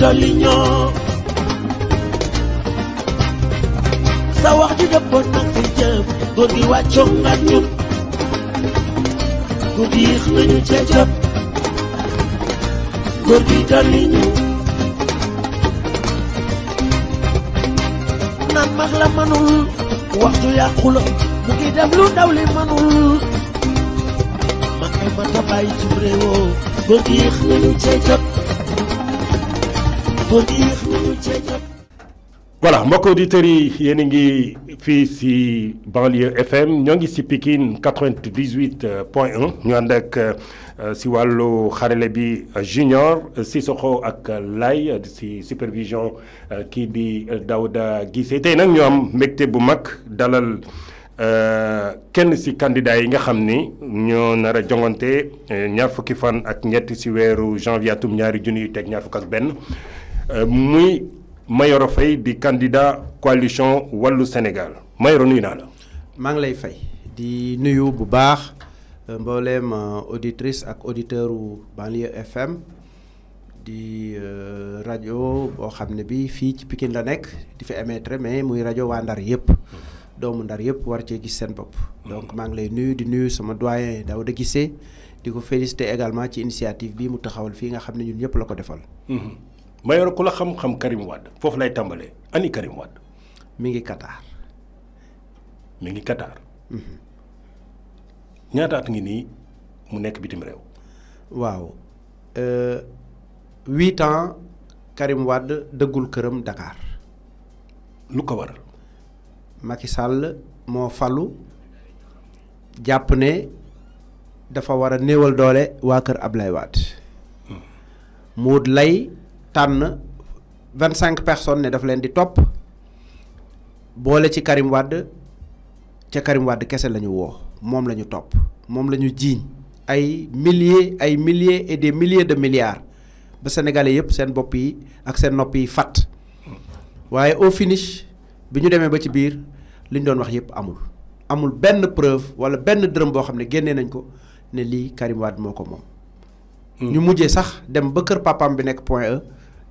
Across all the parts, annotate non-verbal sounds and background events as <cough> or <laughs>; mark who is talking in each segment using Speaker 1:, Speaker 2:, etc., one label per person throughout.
Speaker 1: dalinya sawah di depan nanti jam gue diwacong ngacung gue dihlenyu cecep gue di dalinya namah lamanul waktu ya kulak mungkin dah belum tahu manul, makai mata bayi cumrewo gue dihlenyu cecep
Speaker 2: voilà mon auditeur, je banlieue FM nous si Pikine 98.1. ñu qui ak si euh, euh, junior euh, ak Lay si supervision qui di Daouda dalal kenn si candidat yi nga xamni ñoo jongante ñaar ak ñetti ci janvier ñaari euh, muy Mayoro candidats di candidat coalition Wallou Sénégal Mayoro nuyu naa la. maa lay fay di
Speaker 3: nuyu bu baax Je euh, euh, auditrice ak auditeur ou Banlieue FM di radio boo xam ne bi fii ci Pikine la nekk di fi émettre mais muy radio waa Ndar doomu ndar war donc maa lay nuyu di nuyu sama doyen radio. Guissé di ko féliciter également ci initiative bi mu taxawal fii nga xam ñun ñëpp la mm-hmm.
Speaker 2: mayor ku la xam-xam Karim wad foofu lay tambale. ani Karim wad mi ngi Qatar. mi ngi Qatar. ñaata at ngi nii mu nekk bitim réew.
Speaker 3: waaw euh, huit ans Karim wad dëggul këram Dakar. lu ko waral. Macky Sall moo falu jàpp ne dafa war a néewal doole waa kër Ablaye Wade. Hmm. Mood lay. tan 25 personnes ne daf leen di top bolé ci Karim wad ci Karim wad kessé lañu ñu woo moom la ñu topp moom ay milliers ay milliers et des milliers de milliards ba sénégalais yépp seen bop yi ak seen nopi fat fàtt au finish biñu démé ba ci biir liñ doon wax yépp amul amul benn preuve wala benn dërëm boo xam ne génnee nañ ko ne lii Karim Wade moo ko moom. Hmm. ñu mujjee sax dem ba kër bi nekk Point E.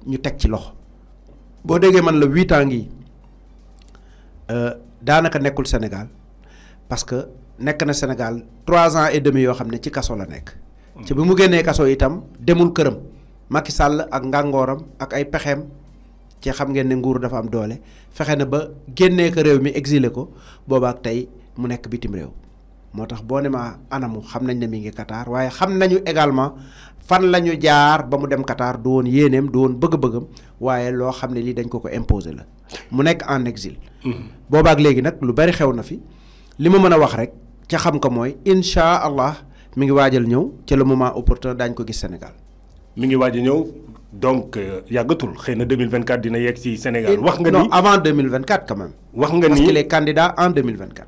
Speaker 3: ñu teg ci loxo boo déggee man la huit ans ngi euh, daanaka nekkul Sénégal parce que nekk na Sénégal trois ans et demi yoo xam ne ci kaso la nekk. Mm. ci bi mu génnee kaso itam demul këram Macky sàll ak ngàngooram ak ay pexeem ci xam ngeen ne nguur dafa am doole fexe na ba génnee ko réew mi exilé ko boobaak tey mu nekk bitim réew. moo tax boo ne ma anamu xam nañ ne mi ngi Qatar waaye xam nañu également fan la ñu jaar ba mu dem Qatar du woon yéeneem du woon bëgg-bëggam waaye loo xam ne lii dañ ko ko imposer la mu nekk en exil. Mm-hmm. boobaak léegi nag lu bari xew na fi li ma mën a wax rek ca xam ko mooy incha allah
Speaker 2: mi ngi waajal ñëw ca le moment opportun daañu ko gis Sénégal. mi ngi waaj a ñëw donc euh, yàggatul xëy na 2024 dina yegg ci Sénégal. wax nga ni non avant 2024 quand même. wax nga ni parce qu'il est candidat en 2024.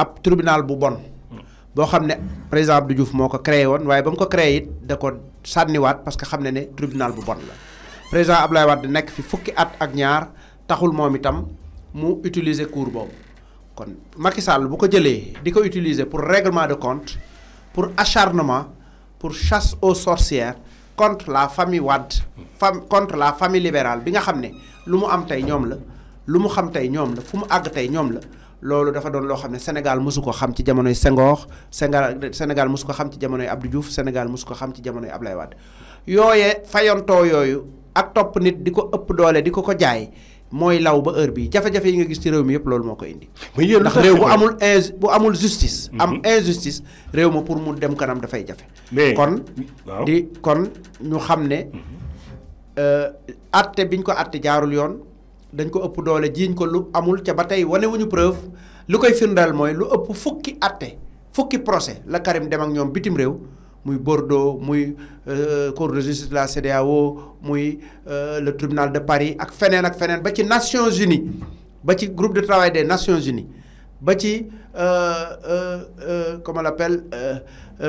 Speaker 3: ab tribunal bu bon. boo xam ne président Abdou Diouf moo ko créé woon waaye ba mu ko créé it da ko sànniwaat parce que xam ne ne tribunal bu bon la président waat Wade nekk fi fukki at ak ñaar taxul moom itam mu utiliser cour boobu kon Macky bu ko jëlee di ko utiliser pour réglement de compte pour acharnement pour chasse au sorcières contre la famille Wade fam contre la famille libérale bi nga xam ne lu mu am tey ñoom la lu mu xam tey ñoom fu mu àgg tey ñoom la loolu dafa doon loo xam ne Sénégal mosu ko xam ci jamonoy Senghor Sénégal Sénégal mosu ko xam ci jamonoy Abdou Diouf Sénégal mosu ko xam ci jamonoy Ablaye Wade yooye fayontoo yooyu ak topp nit di ko ëpp doole di ko ko jaay mooy law ba heure bii jafe-jafe yi nga gis ci réew mi yëpp loolu moo ko indi. ndax réew bu amul in bu amul justice. Mhm. am injustice réew ma pour mu dem kanam dafay jafe. kon di kon ñu xam ne. àtte mhm. euh, biñ ko àtte jaarul yoon. dañ ko ëpp doole jiiñ ko lu amul ca ba tey wane wuñu preuve lu koy firndeel mooy lu ëpp fukki atte fukki procès la Karim dem ak ñoom bitim réew muy Bordeaux muy euh, cour de justice de la cdao muy euh, le tribunal de Paris ak feneen ak feneen ba ci Nations Unies ba ci groupe de travail des Nations Unies ba ci euh, comment on l'appelle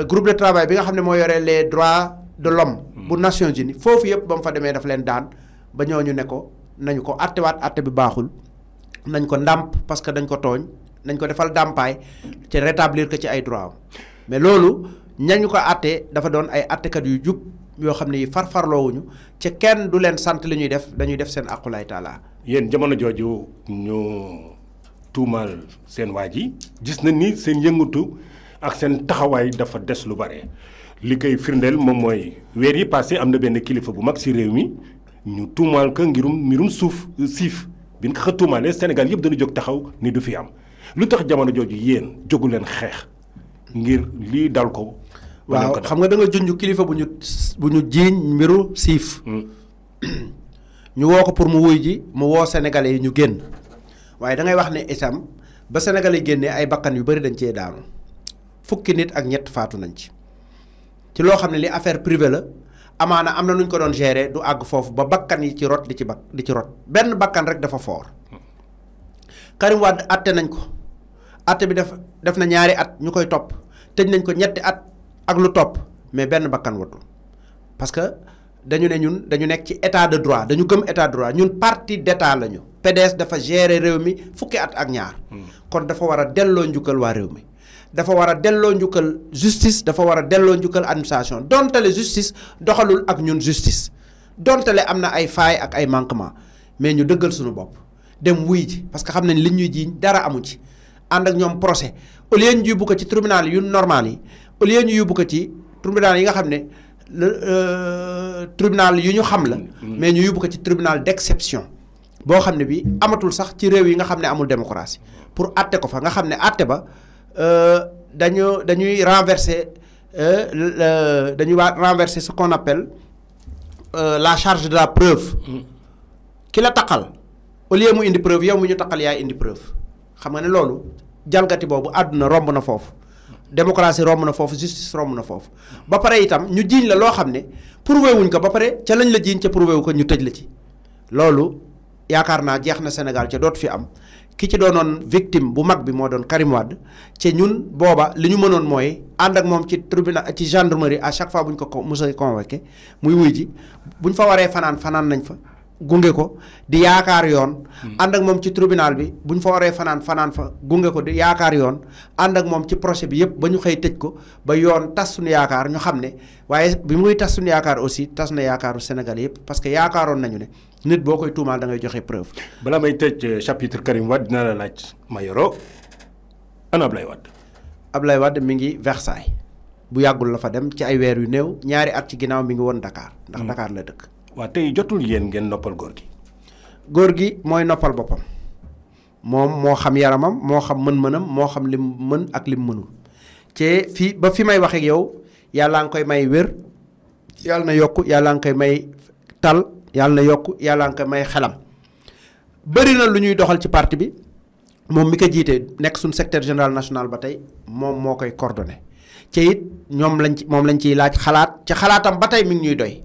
Speaker 3: groupe de travail bi nga xam ne moo yore les droits de l'homme bu Nations Unies foofu yëpp ba mu fa demee daf leen daan ba ñooñu ne ko nañ ko wat atté bi baxul nañ ko ndamp parce que dañ ko togn nañ ko defal dampay ci rétablir ko ci ay droit mais lolu ñañ ko atté dafa don ay kat yu yo yoo far far yi farfarloowuñu ci kenn du len
Speaker 2: sante li def dañuy def sen aqulay taala yeen jamono joju ñu tumal tumal waji waji, gis na ni sen yëngatu ak sen taxaway dafa des lu bare li koy firndeel moom pasi weer yi passé amna ben kilifa bu mag ci ñu tuumaal ko ngirum mbirum suuf siif bi ñu ko tuumaalee Sénégal yëpp dañu jóg taxaw ni du fi am lu tax jamono jooju yéen jógu leen xeex ngir lii dal ko. waaw xam nga da nga kilifa bu ñu bu ñu jiiñ mbiru siif. Hmm.
Speaker 3: <clears throat> ñu woo ko pour mu wuy ji mu woo sénégalais ñu génn waaye dangay wax ne itam ba sénégalais yi génnee ay bakkan yu bari dañ cee daanu fukki nit ak ñett faatu nañ ci ci loo xam ne li affaire privée la. amaana am na nu ñu ko doon gérer du àgg foofu ba bakkan yi ci rot di ci bak di ci rot benn bakkan rek dafa foor Karim Wade atte nañ ko atte bi def def na ñaari at ñu koy topp tëj nañ ko ñetti at ak lu topp mais benn bakkan watu parce que dañu ne ñun dañu nekk ci état de droit dañu gëm état de droit ñun parti d'état lañu PDS dafa gérer réew mi fukki at ak ñaar hmm. kon dafa war a delloo njukkal waa réew mi dafa war a delloo njukkal justice dafa war a delloo njukkal administration dontale justice doxalul ak ñun justice dontale am na ay fay ak ay manquement mais ñu dëggal suñu bopp dem wuy ji parce que xam nañ li ñuy jiiñ dara amu ci ànd ak ñoom procès au lieu ko ci tribunal yu normal yi au lieu ñu yóbbu ko ci tribunal yi nga xam ne euh, tribunal yu ñu xam la mm-hmm. mais ñu yóbbu ko ci tribunal d'exception boo xam ne bi amatul sax ci réew yi nga xam ne amul démocratie pour àtte ko fa nga xam ne àtte ba Euh, dañoo dañuy euh, renverser ce qu'on appelle euh, la charge de la preuve ki la taqal au lieu preuve yow indi preuve xam nga ne loolu jalgati boobu démocratie justice na itam la prouvé wuñ ko ba pare ca lañ la prouvé wu ko ñu la ci fi am ki ci doonoon victime bu mag bi moo doon Karim Wade ñun booba li ñu mënoon mooy ànd ak moom ci tribunal ci gendarmerie à chaque fois bu ñu ko mos a convoqué muy wuy ji bu ñu fa waree fanaan fanaan nañ fa gunge ko di yaakaar yoon. Hmm. ànd ak moom ci tribunal bi bu ñu fa waree fanaan fanaan fa gunge ko di yaakaar yoon ànd ak moom ci procès bi yëpp ba ñu xëy tëj ko ba yoon tas suñu yaakaar ñu xam ne waaye bi muy tas suñu yaakaar aussi tas na yaakaaru Sénégal yëpp parce que yaakaaroon nañu ne. nit boo koy tuumaal da ngay joxe preuve. bala may tëj euh, chapitre Karim Wade dina la laaj Mayoro lay Ablaye Wade. Ablaye Wade mi ngi Versailles bu yàggul la fa dem ci ay weer yu néew ñaari at ci ginnaaw mi ngi woon Dakar ndax hmm. Dakar la dëkk.
Speaker 2: waaw tey jotul yéen ngeen noppal góor gi.
Speaker 3: góor gi mooy noppal boppam moom moo xam yaramam moo xam mën-mënam moo xam lim mën ak lim mënul te fii ba fi may wax yow yàlla nga koy may wér yàlla na yokk yàlla nga koy may tal. yàlla na yokk yàlla nga may xelam bëri na lu ñuy doxal ci parti bi moom mi ko jiitee nekk suñ secteur général national ba tey moom moo koy coordonné ci it ñoom lañ ci moom lañ ciy laaj xalaat ci xalaatam ba tey mi ngi ñuy doy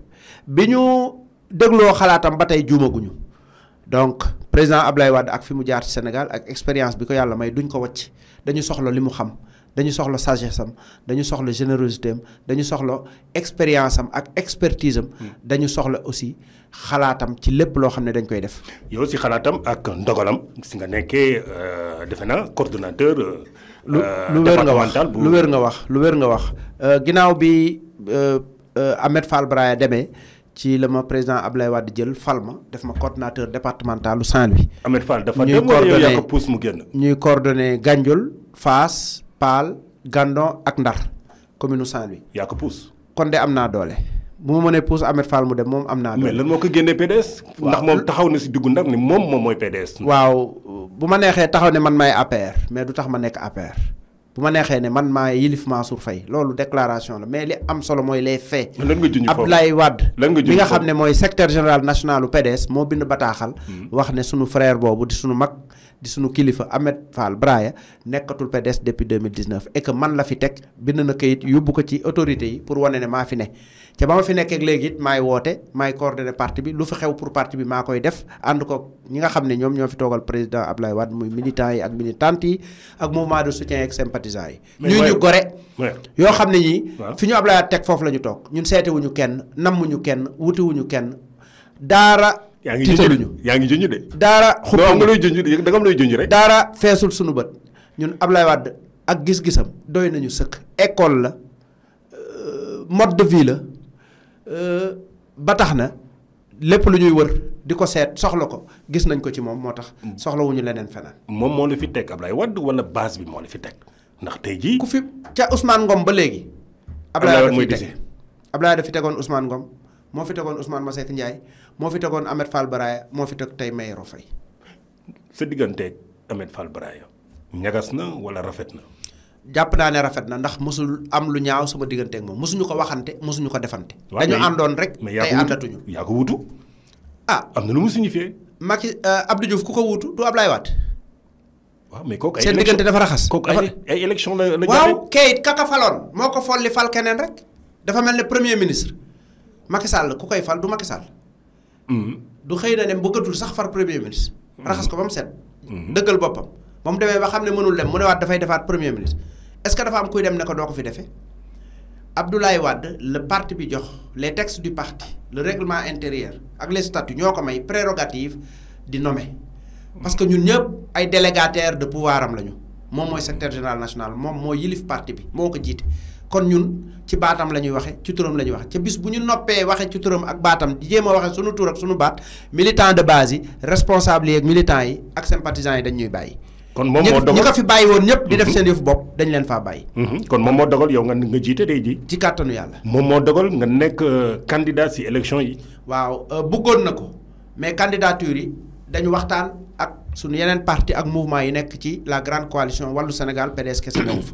Speaker 3: bi ñu dégloo xalaatam ba tey juumaguñu donc président ab Ablaye Wade ak fi mu jaar ci Sénégal ak expérience bi ko yàlla may duñ ko wàcc dañu soxla li mu xam dañu soxla sagesse am dañu soxla générosité am dañu soxla expérience am ak expertise am. Hmm. dañu soxla aussi xalaatam ci lépp loo xam ne dañ koy def.
Speaker 2: yow xalaatam ak ndogalam si nga nekkee euh, defe naa coordonnateur. Euh,
Speaker 3: lu euh, lu wér nga wax lu wér nga wax lu wér nga wax ginnaaw bi Ahmed Fall Braya demee. ci la ma président Ablaye Wade jël fal ma def ma coordonnateur départemental lu Saint-Louis. Ahmed Fall dafa dem wala yow yaa ko mu génn ñuy coordonné ñuy coordonné Pal, Gandon ak Ndar commune Saint-Louis. yaa ko pousse. kon de amna doole. bu ma mënee pousse Ahmed Fall mu dem moom am naa. doole mais lan moo ko génnee PDS. ndax moom
Speaker 2: taxaw na si diggu Ndar ni moom moom mooy PDS. waaw
Speaker 3: bu ma neexee taxaw ne man maay APR mais du tax ma nekk APR. bu ma neexee ne man maa yilif Mansour Faye loolu déclaration la mais li am solo mooy les faits. lan nga junj Abdoulaye Wade. lan nga junj nga xam ne mooy secrétaire général national PDS moo bind bataaxal. Hmm. wax ne sunu frère boobu di sunu mag. di suñu kilifa Ahmed Fall Braya nekkatul PDS depuis 2019 et que man la fi teg bind na kayit yóbbu ko ci autorités yi pour wane ne maa fi ne ca ba ma fi nekkee léegi it maay woote maay coordonné parti bi lu fi xew pour parti bi maa koy def ànd ko ñi nga xam ne ñoom ñoo fi toogal président Abdoulaye Wade muy militants yi ak militantes yi ak mouvement de soutien ak sympathisants yi. ñu ñu gore. yoo xam ne ñii. fi ñu Abdoulaye Wade teg foofu la ñu toog ñun seetiwuñu kenn nammuñu kenn wutiwuñu kenn daara.
Speaker 2: yaa ngi tiitaluñu yaa ngi junj de.
Speaker 3: daara xub nga looy
Speaker 2: junj de da nga am looy junj
Speaker 3: daara feesul sunu bët ñun Ablaye Wade ak gis-gisam doy nañu sëkk école la euh, mode de vie la euh, ba tax na lépp lu ñuy wër di ko seet soxla ko gis nañ ko ci moom moo tax. Mm. soxlawuñu leneen feneen. moom moo la fi teg Ablaye Wade wala base bi moo la fi teg ndax tey jii. ku fi ca Ousmane Ngom ba léegi.
Speaker 1: Ablaye Wade mooy dese
Speaker 3: Ablaye Wade fi tegoon usmaan Ngom. moo fi tegoon Ousmane Masseck Ndiaye moo fi tegoon Ahmed Fall Braya moo fi teg tey Mayoro Faye.
Speaker 2: sa digganteeg Ahmed Fall Braya ñagas na wala rafet na.
Speaker 3: jàpp naa ne rafet na ndax mosul am lu ñaaw sama digganteeg moom mosuñu ko waxante mosuñu ko defante. dañu àndoon rek. mais yaa ko àndatuñu yaa ko wutu. ah am na lu mu signifié. Macky euh, Abdou Diouf ku ko wutu du Ablaye Wade.
Speaker 2: waaw seen diggante dafa raxas. kooku ay
Speaker 3: ay élection la la waaw kayit kaka faloon moo ko folli fal keneen rek. dafa mel ne premier ministre. Macky Sall ku koy fal du Macky Sall mm-hmm. du xeyna na ne bëggatul sax far premier ministre mm-hmm. raxas ko bam set
Speaker 2: mm-hmm.
Speaker 3: deugal bopam bam dewe ba xamne ne mënul dem mu ne waat dafay defaat premier ministre est ce que dafa am kuy dem ne ko doko fi defé Abdoulaye Wad le parti bi jox les textes du parti le règlement intérieur ak les statuts ñoko may prérogative di nommer parce que ñun ñëpp ay délégataires de pouvoir am lañu mom moy secrétaire général national mom moy yilif parti bi moko jité kon ñun ci baatam la ñuy waxe ci turam la ñuy waxe ca bis bu ñu noppee waxe ci turam ak baatam di jéem a waxe sunu tur ak sunu baat militant de base yi responsable yi ak militants yi ak sympathisants yi dañ ñuy bàyyi. kon moom moo dogal ñi fi
Speaker 2: bàyyi woon ñëpp. di def mhm. seen yëf bopp dañ leen faa bàyyi. Mhm. kon moom moo dogal yow nga nga jiite day ji. ci kàttanu yàlla. moom moo dogal nga nekk euh, candidat si élection yi. waaw euh, bëggoon na ko
Speaker 3: mais candidature yi dañu waxtaan ak sunu yeneen parti ak mouvement yi nekk ci la grande coalition wàllu Sénégal PDS kese newu fa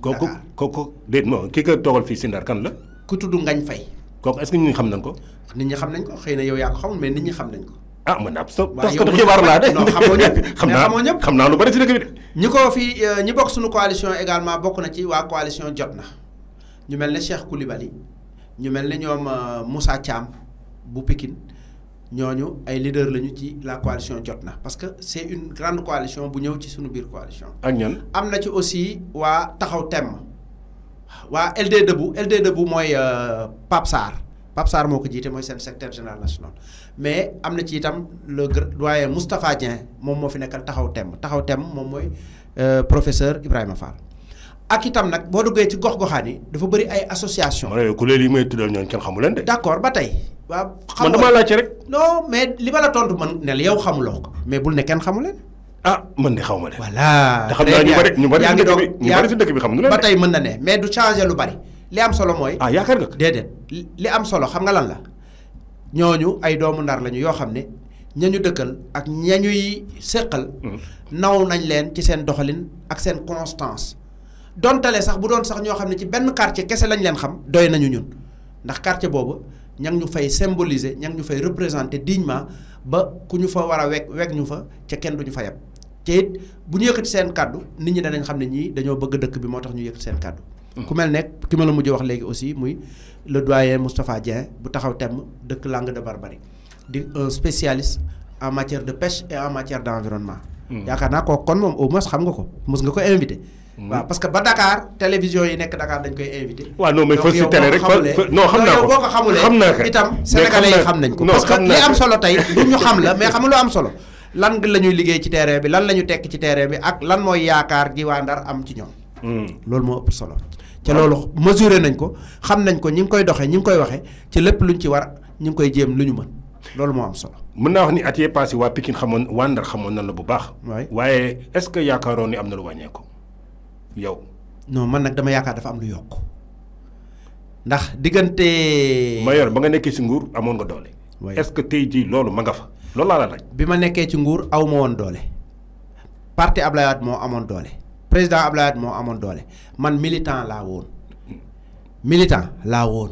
Speaker 2: kooku kooku de moo ki ko toogal fii si Ndar kan la. ku tudd Ngañ Fay. kooku est-ce que xam nañ ko.
Speaker 3: nit ñi xam nañ ko xëy na yow yaa ko xamul mais nit ñi xam nañ ko.
Speaker 2: ah man ab so parce que xibaar laa de. non xamoo <laughs> xam naa xamoo ñëpp xam naa lu bari si dëkk bi de. ñi ko
Speaker 3: fi euh, ñi bokk suñu coalition également bokk na ci waa coalition jot na ñu mel ne Cheikh Koulibaly ñu mel ne ñoom euh, Moussa Thiam bu Pikine ñooñu ay leader lañu ci la coalition jot na parce que c'est une grande coalition bu ñëw ci sunu biir coalition. ak ñan am ci aussi waa taxaw tem waa LD Debout LD Debout mooy euh, Pape Sarr Pape Sarr moo ko jiite mooy seen secrétaire général national mais am na ci itam le doyen Moustapha Dien moom moo fi nekkal taxaw tem taxaw tem moom mooy euh, professeur Ibrahima Fall. ak itam nag boo duggee ci gox goxani dafa bëri ay association ma
Speaker 2: ko ku may tudal ñoon kenn xamu leen de d' accord
Speaker 3: ba tey waaw xam man dama ci rek non mais li bala tontu man ne yow xamulo ko mais bul ne kenn xamu ah
Speaker 2: man de xawma de voilà da xam
Speaker 3: naa ñu bari ñu bari ci dëkk bi ñu bari ci dëkk bi xam nu ba tay man na ne mais du changer lu bari li am solo moy ah yaakar nga déedéet li am solo xam nga lan la ñoñu ay doomu ndar lañu yo xam ñañu dëkkal ak ñañuy séqal hmm. naw nañ leen ci seen doxalin ak seen constance dontale sax bu doon sax ñoo xam ne ci benn quartier kese lañ leen xam doy nañu ñun ndax quartier boobu ña ñu fay symboliser ña ñu fay représenter dignement ba ku ñu fa war a weg weg ñu fa ca kenn du ñu fa yab te it bu ñu yëkkati seen kàddu nit ñi danañ xam ne ñii dañoo bëgg dëkk bi moo tax ñu yëkkati seen kàddu. Mm. ku mel ne ki ma la mujj wax léegi aussi muy le doyen Moustapha Dieng bu taxaw temm dëkk Langue de Barbarie di un spécialiste en matière de pêche matière d' environnement. Mm. yaakaar naa kooku kon moom au moins xam nga ko mos nga ko invité. waaw parce que ba Dakar télévision yi nekk Dakar dañ koy invité. waaw non mais foofu si télé rek xam naa ko boo ko xamulee itam sénégalais yi xam nañ ko parce que li am solo tey lu ñu xam la mais <laughs> xam lu am solo lan la liggéey ci bi lan la ñu tekk ci terrain bi ak lan mooy yaakaar gi waa Ndar am ci ñoom hmm. loolu moo ëpp solo te loolu mesuré nañ ko xam nañ ko ñi ngi koy doxee ñi ngi koy waxee
Speaker 2: ci lépp lu ñu ci war ñi ngi koy jéem lu ñu mën loolu moo am solo mën naa wax ni at yee passé waa Pikine xamoon waa Ndar xamoon nan la bu baax waaye est-ce que yaakaaroon ni am na lu wàññeeku yow.
Speaker 3: non man nag dama yaakaar dafa am lu yokk
Speaker 2: ndax diggante. mayor ba nga nekkee ci nguur amoon nga doole. est-ce que tey jii loolu ma nga fa
Speaker 3: loolu laa la laaj. bi ma nekkee ci nguur aw ma woon doole parti Abdoulaye Wade moo amoon doole président Abdoulaye Wade moo amoon doole man militant laa woon hmm. militant laa woon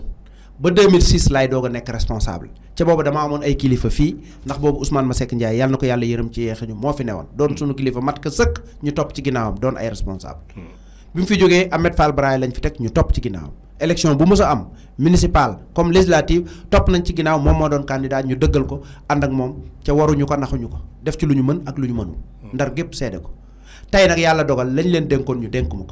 Speaker 3: ba 2006 laay doog a nekk responsable. ca booba dama amoon ay kilifa fii ndax boobu ma Masseck Ndiaye yàlla na ko yàlla yërëm ci yeexe ñu moo fi newoon doon sunu kilifa mat ka sëkk ñu topp ci ginnaawam doon ay responsable hmm. bi mu fi jógee Ahmed Fall Braye lañ fi teg ñu topp ci ginnaawam élection bu musa am municipal comme législative topp nañ ci ginnaaw moom moo doon candidat ñu dëggal ko ànd ak moom ca waruñu ko naxuñu ko def ci lu ñu mën ak lu ñu mënul hmm. ndar gépp seede ko tey nag yàlla dogal lañ leen dénkoon ñu dénk ko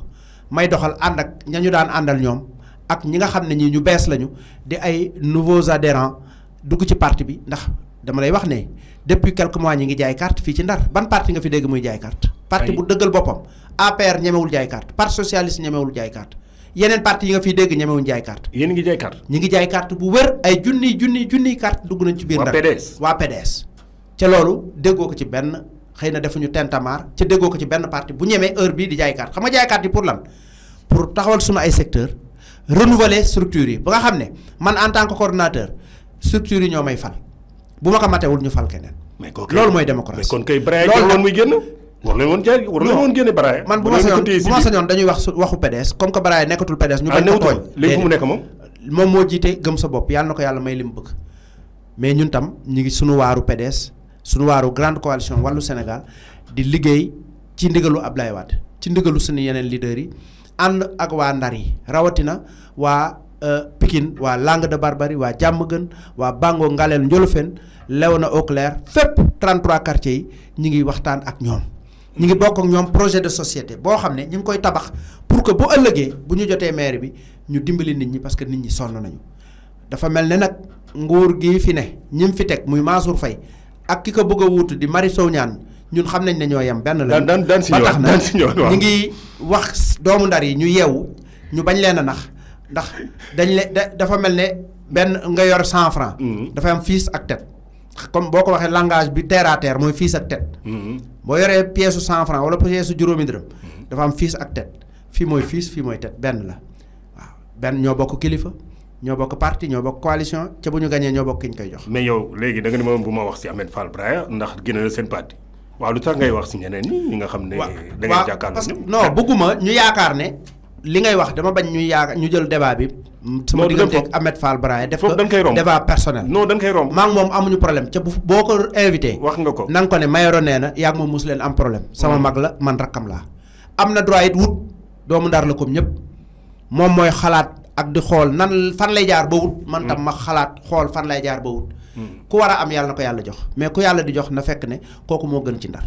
Speaker 3: may doxal ànd ak ña ñu daan àndal ñoom ak ñi nga xam ne ñi ñu bees lañu di ay nouveaux adhérents dugg ci parti bi ndax dama lay wax ne depuis quelques mois ñi ngi jaay carte fii ci ndar ban parti nga fi dégg muy jaay carte parti bu dëggal boppam APR ñemewul jaay carte parti socialiste ñemewul jaay carte yeneen parti yi nga fi dégg ñemewuñ jaay carte yéen ngi jaay carte ñi ngi jaay carte bu wër ay junni junni junni carte dugg nañ ci biir ndar wa PDS ca loolu déggoo ko ci benn xëy na defuñu tentamar ca déggoo ko ci benn parti bu ñemee heure bi di jaay carte xam nga jaay carte yi pour lan pour taxawal suma ay secteur renouveler structure yi ba nga xam ne man en tant que coordinateur structure ñoo may fal bu ma ko matewul ñu fal
Speaker 2: keneen. mais kooku loolu
Speaker 3: mooy démocratie. mais kon kay Braya won
Speaker 2: muy génn. war
Speaker 3: nañu won jaay war nañu won génne Braya. man bu ma sañoon bu ma sañoon dañuy wax waxu PDS comme que Braya nekatul PDS. ñu ah, bañ ko tooñ léegi fu mu nekk mom mom mo jité gëm sa bop yalla nako yalla may lim bëgg mais ñun tam ñi ngi suñu waru PDS suñu waru grande coalition walu Sénégal di liggéey ci ndigalu Ablaye Wade ci ndigalu suñu yeneen leader yi and ak wa Ndar yi rawatina wa pikin wa langue de barbarie wa jàmm gën wa bango ngalel njolofen lewna au clair fep 33 quartier ñi ngi waxtaan ak ñom ñi ngi bok ak ñom projet de société bo xam ñi ngi koy tabax pour que bu ëllëgee bu ñu jotee maire bi ñu dimbali nit ñi parce que nit ñi sonn nañu dafa nak nguur gi fi ne ñim fi tek muy Mansour fay ak kiko bëgg wut di Mari Sow ñaan ñun xam nañ ne ñoo yem benn la ba ci ñoo ñi ngi wax doomu ndar yi ñu yewu ñu bañ leena nax ndax dañ le dafa mel ne benn nga yor 100 francs mm-hmm. dafa am fils ak tête comme boo ko waxee langage bi terre à terre mooy fils ak tête. Mm-hmm. boo yoree pièce 100 francs wala pièce su juróomi dërëm. Mm-hmm. dafa am fils ak tête fii mooy fils fii mooy tête benn la waaw benn ñoo bokk kilifa. ñoo bokk parti ñoo bokk coalition ca bu ñu gagné ñoo bokk kiñ koy jox
Speaker 2: mais yow léegi da nga ni moom bu ma wax si Ahmed Fall Braya ndax gëna seen parti waaw lu tax ngay wax si ñeneen ñi nga xam ne da ngay jàkkaarloo non
Speaker 3: bëgguma ñu yaakaar ne li ngay wax dama bañ ñu yaakaar ñu jël débat bi. sama diggante ak Ahmed Fall Braya def ko débat personnel. non dañ koy romb maa ngi moom amuñu problème ca bu boo ko invité. wax nga ko na ko ne Mayoro nee na yaa ngi moom mosu am problème. sama mm. mag la man rakkam laa. am na droit it wut doomu ndar la comme ñëpp moom mooy xalaat ak di xool nan fan lay jaar ba wut. man tam mm. ma xalaat xool fan lay jaar ba wut. Mm. ku war a am yàlla na ko yàlla jox mais ku yàlla di jox na fekk ne kooku moo gën ci ndar.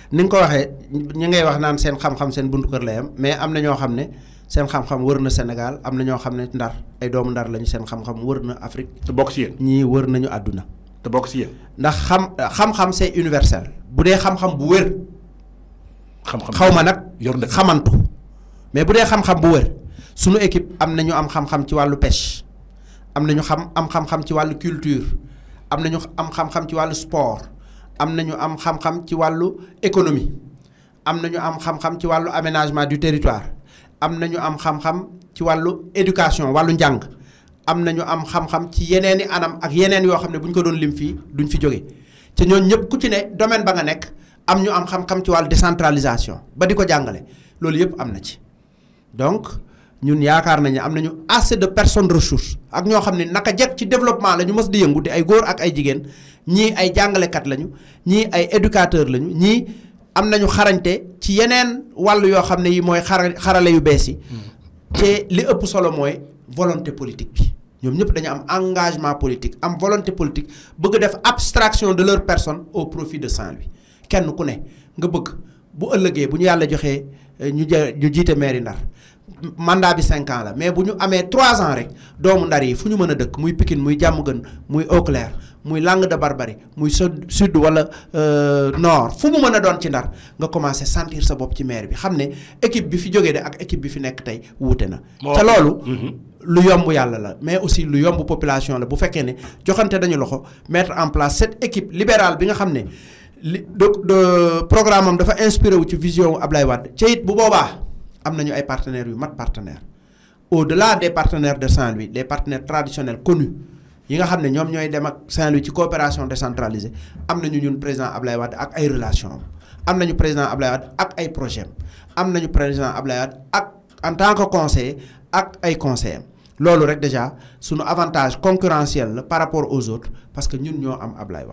Speaker 3: ni nga ko waxee ñi ngay wax naan seen xam-xam seen buntu kër la yam mais am na ñoo xam ne seen xam-xam wër na Sénégal am na ñoo xam ne ndar ay doomu ndar lañu seen xam-xam wër na Afrique. te bokk ci yéen ñii wër nañu àdduna. te bokk ci ndax xam xam-xam c'est universel. bu dee xam-xam bu wër. xam xaw ma nag. yor na xamantu mais bu dee xam-xam bu wër sunu équipe am na ñu am xam-xam ci wàllu pêche am na ñu xam am xam-xam ci wàllu culture am na ñu am xam-xam ci wàllu sport am nañu am xam-xam ci wàllu économie am nañu am xam-xam ci wàllu aménagement du territoire am na ñu am xam-xam ci wàllu éducation wàllu njàng am nañu am xam-xam ci yeneeni anam ak yeneen yoo xam ne bu ñu ko doon lim fii duñ fi jóge ci ñooñu ñëpp ku ci ne domaine ba nga nekk am ñu am xam-xam ci wàllu décentralisation ba di ko jàngale loolu yëpp am na ci donc ñun yaakaar nañu am nañu assez de personnes ressources ak ñoo xam ne naka jekk ci développement la mos di yëngu di ay góor ak ay jigéen ñii ay jàngalekat lañu ñii ay éducateurs lañu ñii am nañu xarañte ci yeneen wàll yoo xam ne yi mooy xarale yu bees yi.
Speaker 1: Hmm.
Speaker 3: te li ëpp solo mooy volonté politique bi ñoom ñëpp dañu am engagement politique am volonté politique bëgg def abstraction de leur personne au profit de Saint-Louis kenn ku ne nga bëgg bu ëllëgee bu ñu yàlla joxee eh, ñu ñu jiite mairie Ndar. mandat bi 5 ans la mais buñu amé 3 trois ans rek doomu ndari fuñu mëna dëkk muy Pikine muy Diamaguène muy Eau-Claire muy Langue de Barbarie muy sud sud euh, nord fu mu mëna a doon ci ndar nga commencé sentir sa bopp ci maire bi xamné équipe bi fi joggé de ak équipe bi fi nekk tay wuute na. te mhm. lu yomb yalla la mais aussi lu yomb population la bu fekkee né joxanté dañu loxo mettre en place cette équipe libérale bi nga xamné ne de programme am dafa inspiré wu ci vision wu Ablaye Wade ca it bu boba am nañu ay partenaires yu mat au-delà des partenaires de Saint-Louis des partenaires traditionnels connus yi nga des partenaires de ak Saint-Louis ci coopération décentralisée am nañu ñun président Ablaye Wade ak ay relations am nañu président Ablaye Wade ak ay projets am nañu président Ablaye Wade ak en tant que conseiller ak ay conseils. Lolu rek déjà suñu avantage concurrentiel par rapport aux autres
Speaker 2: parce que ñun ñoo am Ablaye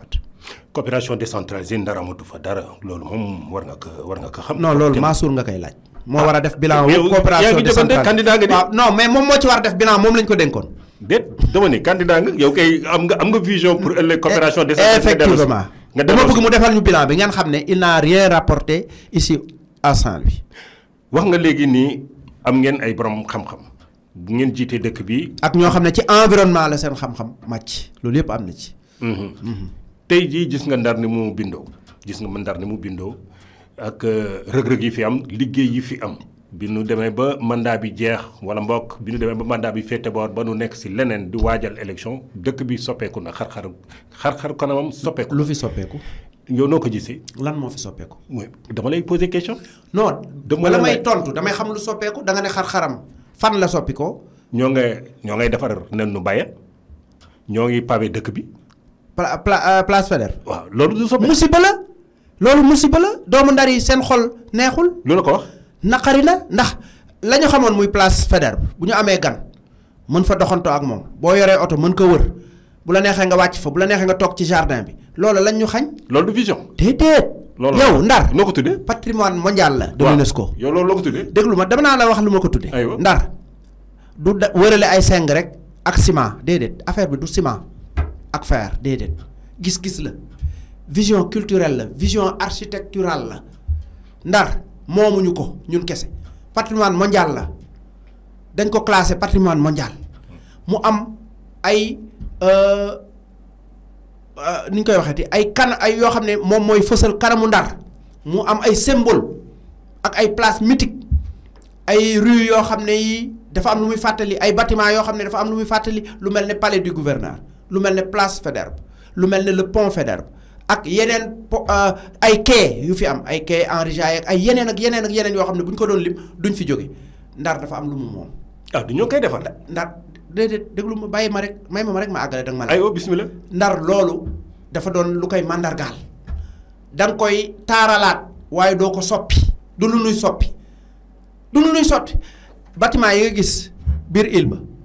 Speaker 2: coopération décentralisée ndara mo dufa dara lolu mom war nga ko war nga ko xam non loolu maasur
Speaker 3: nga kay laaj mo wara def bilan wu coopération décentralisée candidat
Speaker 2: nga non mais mom mo ci wara def bilan mom lañ ko denkon det dama ni candidat nga yow kay am nga am nga
Speaker 3: vision pour ëllëg coopération eh, décentralisée effectivement nga dama bëgg mu defal ñu bilan bi ngeen xam il n'a rien
Speaker 2: rapporté ici à Saint-Louis wax nga légui ni am ngeen ay borom xam-xam ngeen jité dëkk bi
Speaker 3: ak ño xam ci environnement la seen xam-xam match lolu yëpp am na
Speaker 1: ci mhm. Mhm.
Speaker 2: tey jii gis nga ndar ni mu bindoo gis nga ma ndar ni mu bindoo ak euh, rëg-rëg yi fi am liggéey yi fi am bi nu demee ba mandat bi jeex wala mbokk bi nu demee ba màndaa bi féete boor ba nu nekk si leneen du waajal élection dëkk bi soppeeku na xar-xar xar-xar kanamam soppeeku. lu fi soppeeku. yow noo ko gisee. lan moo fi soppeeku. dama lay poser question. non dama la may tontu damay xam lu soppeeku danga ne xar-xaram. fan la soppi ko. ñoo nga ñoo ngay defar nen nu bàyye ñoo ngi dëkk bi. Euh, place Faidherbe. waaw loolu du soppe musiba la loolu musiba la doomu
Speaker 3: ndar yi seen xol neexul. loolu ko wax naqari na ndax la ñu xamoon muy place Faidherbe bu ñu amee gan mën fa doxanto ak moom boo yoree oto mën ko wër bu la neexee nga wàcc fa bu la neexee nga toog ci jardin bi loolu lañ ñu xañ. loolu du vision. déedéet. loolu yow ndar noo ko tuddee. patrimoine mondial la. de l'UNESCO yow loolu loo ko tuddee. déglu ma dama naa la wax lu ma ko tuddee. ndar du da wërale ay seng rek ak ciment déedéet affaire bi du ciment. ak faire dedet gis-gis la vision culturelle vision architecturale la ndar moomuñu ko ñun kese patrimoine mondial la dañ ko classer patrimoine mondial mu am ay euh, euh, ni ñu koy waxeeti ay kan ay yo xamné mom moy fessel karamu ndar mu am ay symbole ak ay place mythique ay rue yo xamné yi dafa am lu muy fatali ay bâtiment yo xamné dafa am lu muy fatali lu melni palais du gouverneur lu mel ne place Faidherbe lu mel ne le pont Faidherbe ak yeneen po euh, ay quai yu fi am ay quai enrichage ay yeneen ak yeneen ak yeneen yoo xam ne bu ñu ko doon lim duñ fi jóge ndar dafa am lu mu moom. ah du ñoo koy defar. ndar déedéet deglu ma bàyyi ma rek may ma rek ma àggale danga ma la. aywa bismillah loolu dafa doon lu koy màndargaal da koy taaralaat waaye doo ko soppi du lu nuy soppi du lu nuy sotti bâtiment yi nga gis biir île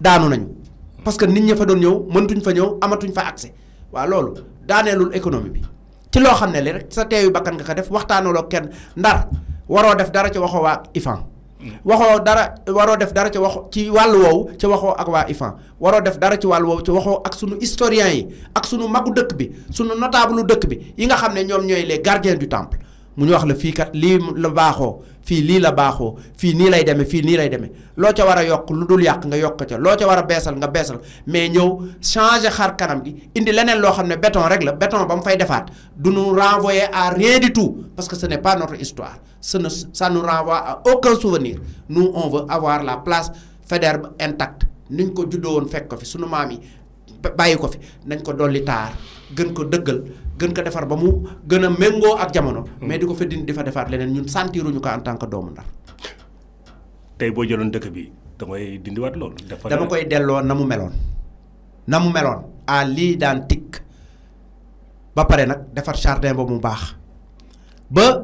Speaker 3: daanu nañu parce que nit ña fa doon ñëw mëntuñ fa ñëw amatuñ fa accès waa loolu daaneelul économie bi ci loo xam ne li rek sa teeyu bàkkan nga ko def waxtaanuloo kenn ndar waroo def dara ci waxoo waa IFAN waxoo dara waroo def dara ci wax ci wàllu woowu ci waxoo ak waa IFAN waroo def dara ci wàllu woowu ci waxoo ak sunu historiens yi ak sunu magu dëkk bi sunu notable dëkk bi yi nga xam ne ñoom ñooy les gardiens du temple mu ñu wax la fii kat lii la baaxoo fii lii la baaxoo fii nii lay demee fii nii lay demee loo ca war a yokk lu dul yàq nga yokk ca loo ca war a beesal nga beesal mais ñëw changer xar kanam gi indi leneen loo xam ne béton rek la béton ba mu fay defaat du nous renvoyer à rien du tout parce que ce n'est pas notre histoire ce ne ça nous renvoie à aucun souvenir nous on veut avoir la place Faidherbe intacte niñ ko juddoo woon fekk ko fi sunu maam yi bàyyi ko fi nañ ko dolli taar gën ko dëggal. gën ko defar ba mu gën a méngoo ak jamono. Mm. mais di ko feddini di fa defaat leneen ñun sentiruñu ko en tant que doomu Ndar.
Speaker 2: tey boo jëloon dëkk bi damay ngay dindiwaat loolu.
Speaker 3: dama koy delloo na mu meloon na mu meloon daan l'identique ba pare nag defar jardin ba mu baax ba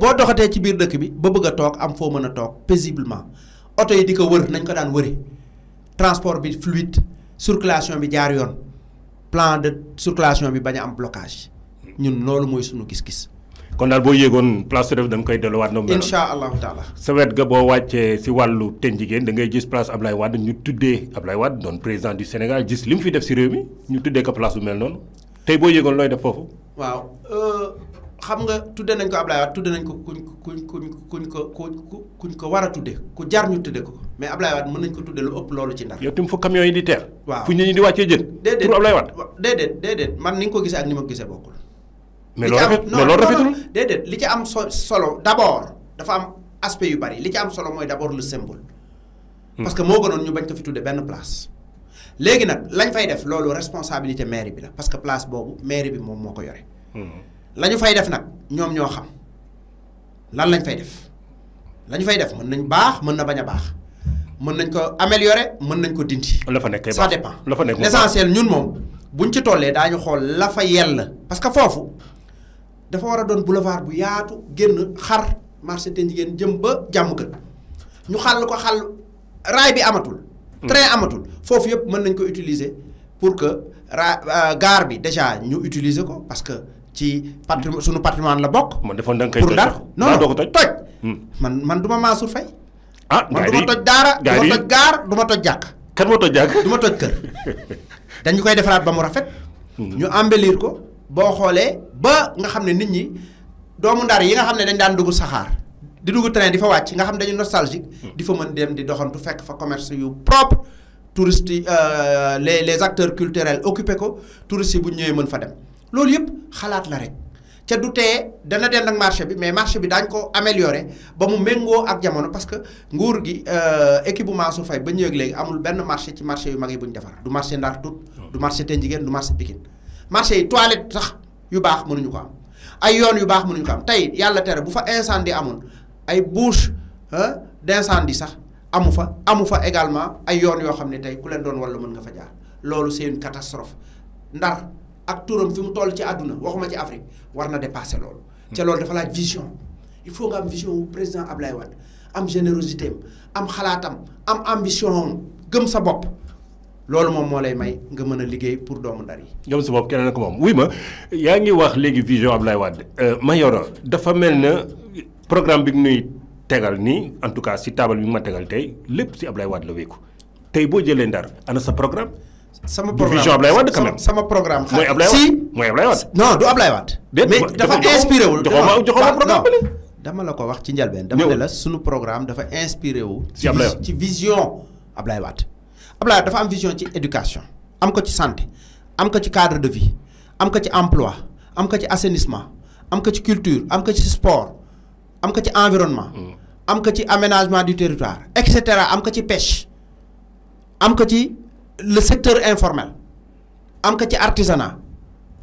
Speaker 3: boo doxatee ci biir dëkk bi ba bëgg a toog am foo mën a toog paisiblement oto yi di ko wër nañ ko daan wëri transport bi fluide circulation bi jaar yoon. plan de circulation bi ba a am blocage
Speaker 2: ñun loolu mooy suñu gis-gis. kon daal boo yéegoon place Sodev da nga koy delluwaat. na mu incha allahu taala. sa wet ga boo wàccee si wàllu ten jigéen da ngay gis place Ablaye Wade ñu tuddee ab Ablaye Wade doon président du Sénégal gis li mu fi def si réew mi ñu tuddee ko place bu mel noonu tey boo yéegoon looy def foofu.
Speaker 3: waaw euh, xam nga tudde nañ ko Ablaye Wade tudde nañ ko kuñ kuñ kuñ kuñ ko kuñ ko war a tudde ku jar ñu tudde ko mais Ablaye Wade mën nañ ko tudde lu ëpp loolu ci ndar.
Speaker 2: yow tam fu camion yi di teer. waaw fu ñu di wàccee jën.
Speaker 3: déedéet man ni nga ko gisee ak ni ma gisee bokkul.
Speaker 2: mais loolu rafet mais loolu rafetul
Speaker 3: déedéet li ci am solo d' abord dafa am aspect yu bari li ci am solo mooy d' abord le symbole. Hmm. parce que moo gënoon ñu bañ ko fi tudde benn place. léegi nag lañ fay def loolu responsabilité mairie bi la parce que place boobu mairie bi moom moo ko yore. Hmm. Nous fay def nag ñoom ñoo xam lan lañ fay def lañu fay def mën nañ baax mën na bañ a baax nañ ko améliorer mën nañ ko la fa ça dépend l'essentiel ñun moom buñ ci tollee daañu xool la fa yell parce que foofu dafa war a doon boulevard bu yaatu génn xar marché te jigéen jëm ba jàmm ñu xàll ko xàll raay bi amatul. Hmm. train amatul foofu yëpp nañ ko utiliser pour que les euh, gare bi déjà ñu utiliser ko parce que. ci patrimoine sunu patrimoine la bok
Speaker 2: man defon dang kay pour dar
Speaker 3: non do ko toj hmm. man man duma sur fay ah man duma toj dara kan duma toj gar duma toj jak kan mo toj jak duma toj keur dañ koy defalat ba mu rafet hmm. ñu embellir ko bo xolé ba nga xamne nit ñi doomu ndar yi nga xamne dañ dan dugg sahar di dugg train di fa wacc nga xamne dañu nostalgique hmm. di fa mën dem di doxantu fekk fa commerce yu propre touristes euh, les les acteurs culturels occupé ko touristes bu ñëwé mën fa dem loolu yëpp xalaat la rek ca du tee dana dend ak marché bi mais marché bi daañ ko améliorer ba mu méngoo ak jamono parce que nguur gi euh, équipement su fay ba ñu yëg léegi amul benn marché ci marché yu mag yi bu ñu defar du marché Ndar Tut du marché jigéen du marché Pikine marché yi toilette sax yu baax mënuñu ko am ay yoon yu baax mënuñu ko am tey yàlla tere bu fa incendie amul ay bouche d'incendie sax amu fa amu fa également ay yoon yoo xam ne tey ku leen doon walla mën nga fa jaar loolu c'est une ak turam fi mu toll ci àdduna waxuma ci Afrique war na dépasser loolu. te loolu dafa laaj vision il faut nga am vision wu président Ablaye Wade am générosité am xalaatam am ambition gëm sa bopp. loolu moom moo lay may nga mën a liggéey pour doomu ndar yi.
Speaker 2: gëm sa bopp keneen ak moom wuy ma yaa ngi wax léegi vision ab Ablaye Wade euh, Mayoro dafa mel na programme bi nuy tegal nii en tout cas si taabal bi ma tegal tey lépp si lay Wade la wékku tey boo jëlee ndar sa programme.
Speaker 3: sama programme vision Ablaye Wade quand même sama programme. mooy Ablaye Wade
Speaker 2: si mooy Ablaye Wade. non du Ablaye Wade. mais dafa inspiré wul programme
Speaker 3: dama la ko wax ci njëlbeen. dama ne la suñu programme dafa inspiré wu. ci ci vision Ablaye Wade. Ablaye dafa am vision ci éducation am ko ci santé am ko ci cadre de vie am ko ci emploi am ko ci assainissement am ko ci culture am ko ci sport am ko ci environnement. am ko ci aménagement du territoire et cetera am ko ci pêche am ko ci le secteur informel am ko ci artisanat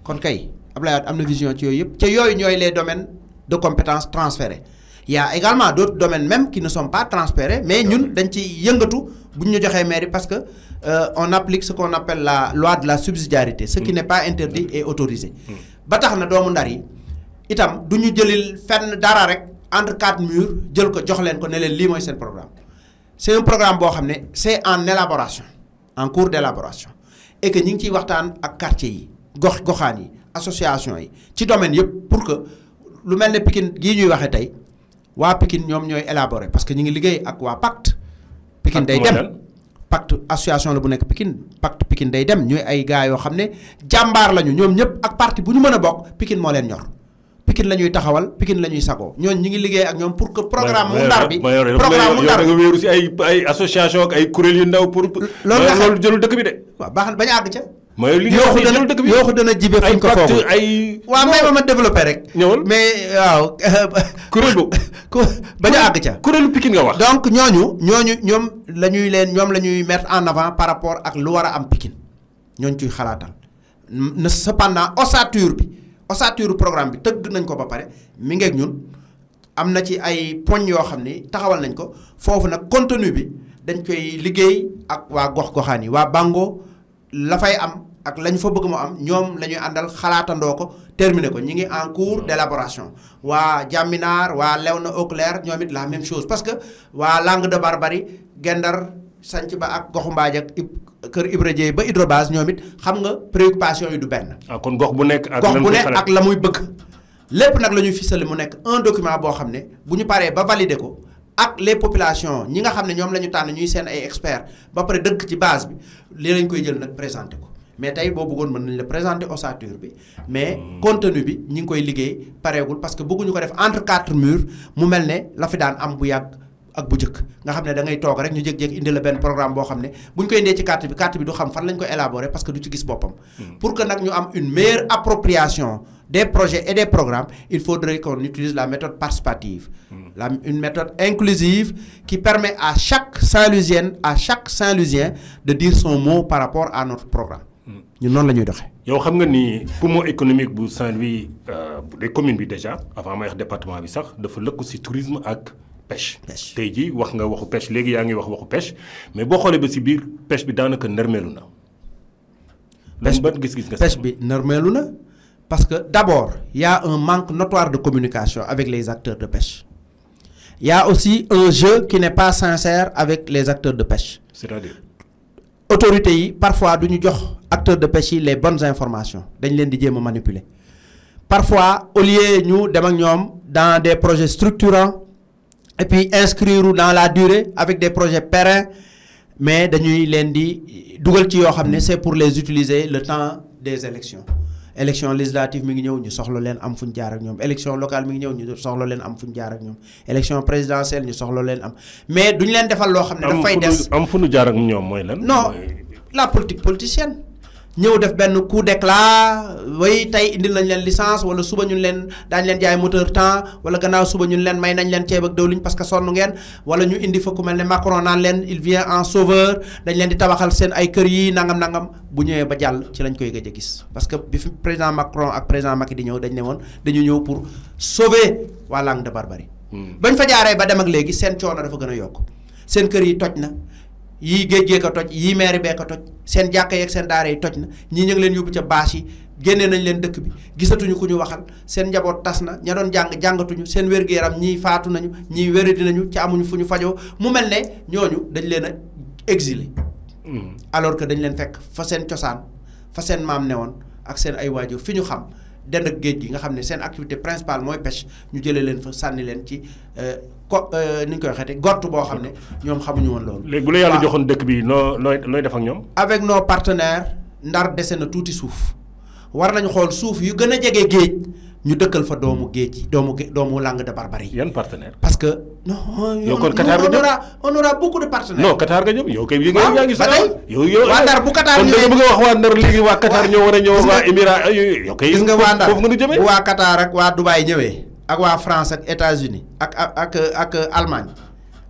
Speaker 3: kon kay ablaye vision ci les domaines de compétences transférés Il y a également d'autres domaines même qui ne sont pas transférés mais ñun dañ ci yëngatu bu ñu joxee mairie parce que euh, on applique ce qu'on appelle la loi de la subsidiarité ce qui mm. n'est pas interdit et autorisé mm. ba tax na doomu ndar yi itam duñu jëlil fenn dara rek entre quatre murs jël ko jox leen ko ne leen programme c'est un programme boo xam c'est en élaboration en cours d'élaboration et que ñing ci waxtaan ak quartier yi gox goxaan association pour que lu qui Pikine ñuy Pikine élaborer parce que ngi ak wa pacte Pikine day dem pacte association la bu nek Pikine pacte Pikine day dem ñoy ay parti Pikine la ñuy taxawal Pikine la ñuy sagoo ñooñu ñu ngi liggéey ak ñoom pour que programme mu ndar bi
Speaker 2: association ay kuréel yu ndaw pour
Speaker 3: loolu jëlul dëkk bi de waaw baax na bañu àgg ca
Speaker 2: mooy li dëkk bi yooxu
Speaker 3: dana jibe fuñ ko foogul ay waaw may ma ma rek ñëwal mais waaw <laughs> kuréel bu ca kuréelu Pikine nga wax donc ñooñu ñooñu ñoom la ñuy leen ñoom la ñuy mettre en avant par rapport ak lu war a am Pikine ñooñu ciy xalaatal cependant ossature bi ossature programme bi tëgg nañ ko ba pare mi ngeeg ñun am na ci ay poñ yoo xam ni taxawal nañ ko foofu nag contenu bi dañ koy liggéey ak waa gox goxaan yi waa bàngoo la fay am ak lañ fa bëgg mu am ñoom lañuy àndal xalaatandoo ko terminé ko ñi ngi en de laboration waa Jaminaar waa lew Léona Auclair ñoom it la même chose parce que waa Langue de Barbarie Gendar sanc ba ak goxu mbaaj ak kër Ibra Dieye ba hydrobase ñoom it xam nga préoccupation yi du benn. Ah,
Speaker 2: kon gox bu nekk ak. gox bu nekk ak la
Speaker 3: muy bëgg. lépp nag la ñuy fisale mu nekk un document boo xam ne bu ñu paree ba valider ko ak les population ñi nga xam ne ñoom la ñu tànn ñuy seen ay experts ba pare dëkk ci base bi lii lañ koy jël nag présenter ko. mais tey boo bëggoon mën nañ la présenter ossature bi mais hmm. contenu bi ñu ngi koy liggéey pareegul parce que bëgguñu ko def entre quatre murs mu mel ne la fi daan am bu yàgg ak bu njëkk nga xam ne da ngay toog rek ñu jékki-jékki indi la benn programme boo xam ne bu ñu koy indee ci carte bi carte bi du xam fan lañ ko élaborer parce que du ci gis boppam. Hmm. pour que nag ñu am une meilleure appropriation des projets et des programmes il faudrait qu'on utilise la méthode participative. Hmm. la une méthode inclusive qui permet à chaque Saint-Louisienne à chaque Saint-Louisien de dire son mot par rapport à notre programme. Hmm. ñun noonu la ñuy doxee.
Speaker 2: yow xam nga ni poumon économique bu Saint-Louis bu euh, communes bi déjà avant may wax département bi sax dafa lëkku ci tourisme ak pêche wax nga waxu pêche pêche mais si xolé ba ci pêche bi daanaka pêche ban gis pêche bi
Speaker 3: parce que d'abord il y a un manque notoire de communication avec les acteurs de pêche il y a aussi un jeu qui n'est pas sincère avec les acteurs de pêche c'est-à-dire autorité, yi parfois duñu jox acteurs de pêche les bonnes informations dañ leen di jema manipuler parfois au lieu ñu dem ak ñom dans des projets structurants et puis inscrire dans la durée avec des projets pérennes mais dañuy nuit, di dougal ci yo c'est pour les utiliser le temps des élections Élections législatives mi ngi ñew ñu soxlo Élections am fu jaar ak ñom Élections locale mi ngi ñew ñu soxlo am jaar ak ñu am mais nous leen defal lo xamné ne fay dess am fu jaar ak
Speaker 2: non
Speaker 3: la politique politicienne ñëw def benn coup d'éclat way tey indi nañ leen licence wala suba ñu leen daañ leen jaay moteur temps wala gannaaw suba ñun leen may nañ leen ceeb ak dëwliñ parce que sonn ngeen wala ñu indi fa ku mel ne Macron naan leen il vient en sauveur dañ leen di tabaxal seen ay kër yi nangam nangam bu ñëwee ba jàll ci lañ koy gëj a gis parce que bi fi président Macron ak président Macky di ñëw dañ ne woon dañu ñëw pour sauver walla langue de barbarie hmm. bañ fa jaaree ba dem ak léegi seen coono dafa gën a yokk seen kër yi toj na yii géej gee ko toj yii meeri bee toj seen jàkka yeeg seen daara yi toj na ñii ñu ngi leen yóbbu ca bâche yi génne nañ leen dëkk bi gisatuñu ku ñu waxal seen njaboot tas na ña doon jàng jàngatuñu seen wér-gu-yaram ñii faatu nañu ñii wéradi nañu ci amuñu fu ñu fajoo mu mel ne ñooñu dañ leen a exilé mm. alors que dañ leen fekk fa seen cosaan fa seen maam ne woon ak seen ay waajur fi ñu xam den ak géej gi nga xam ne seen activité principale mooy pêche ñu jëlee leen fa sànni leen ci ko euh, euh, ni ñu koy waxeete gott boo xam ne ñoom xamuñu woon loolu. léegi bu la yàlla joxoon
Speaker 2: dëkk bi noo nooy nooy def ak ñoom.
Speaker 3: avec nos partenaires ndar dese na tuuti suuf war nañu xool suuf yu gën a jege géej. ñu dëkkal fa doomu hmm. géej gi doomu gée doomu langue de barbarie yi. partenaire parce que non. yow kon Qatar nga jëm on aura beaucoup de partenaires.
Speaker 2: nga jëm yow kay. bu
Speaker 3: a wax waa
Speaker 2: Ndar a ñëw waa waa Ndar foofu waa
Speaker 3: Qatar ak waa Dubaï ñëwee. ak waa France ak États-Unis ak ak ak ak Allemagne.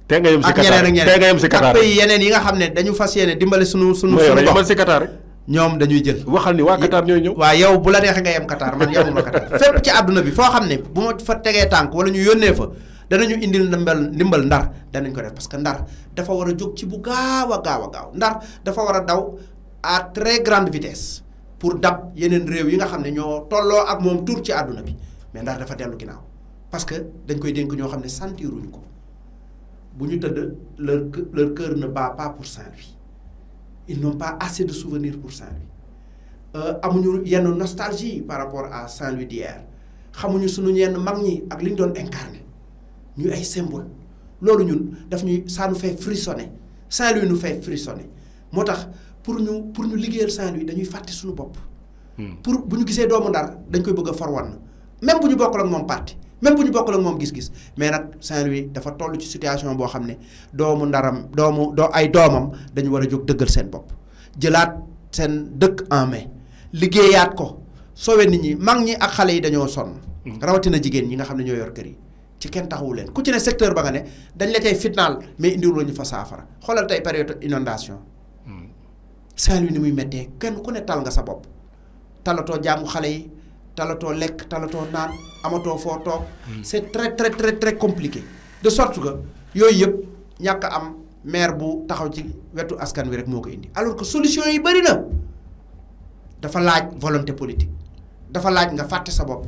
Speaker 2: te nga yem si Qatar ak ñeneen ak ñeneen ak pays
Speaker 3: yeneen yi nga xam ne dañu fas yéene dimbale sunu sunu sunu bopp ñom dañuy jël waxal ni wa Qatar ñoy ñew wa yow bu la neexee nga yam Qatar man yamuma Qatar <laughs> fepp ci aduna bi fo xamne bu ma fa tege tank wala ñu yónnee fa danañu indil ndimbal ndimbal ndar danañ ko def parce que ndar dafa wara jog ci bu gaawa gaawa gaaw ndar dafa wara daw à très grande vitesse pour dab yenen rew yi nga xamne ño tolo ak mom tour ci aduna bi mais ndar dafa delu ginaaw parce que dañ koy denk ño xamne sentiruñ ko bu ñu tëdd leur leur cœur ne bat pas pour Saint-Louis ils n'ont pas assez de souvenirs pour Saint-Louis euh, a une nostalgie par rapport à Saint-Louis d'hier Ils suñu yenn mag ñi ak li doon incarné ñu ay symbole nous, ça nous fait frissonner Saint-Louis nous fait frissonner pour nous, pour ñu liguer Saint-Louis nous fàtte suñu bopp. Hmm. pour nous, ñu gisee doomu Ndar dañ koy bëgg des même si nous bokkul des moom même bu ñu bokk ak moom gis-gis mais nag Saint-Louis dafa toll ci situation boo xam ne doomu ndaram doomu doo ay doomam dañu war a jóg dëggal seen bopp jëlaat seen dëkk en mai liggéeyaat ko soowee nit ñi mag ñi ak xale yi dañoo sonn. Mm. rawatina jigéen ñi nga xam ne ñoo yor kër yi. ci kenn taxuwu leen ku ci ne secteur ba nga ne dañ la koy fitnaal mais indiwul la ñu fa saafara xoolal tey période inondation mm. Saint-Louis ni muy méttee kenn ku ne tal nga sa bopp talatoo jàngu xale yi. talato lek talato nan amato fo toog. Mm. c'est très très très très compliqué. de sorte que yooyu yep, ñàkk am maire bu taxaw ci wetu askan wi rek moko indi alors que solution yi bari na dafa laaj volonté politique dafa laaj nga faté sa bop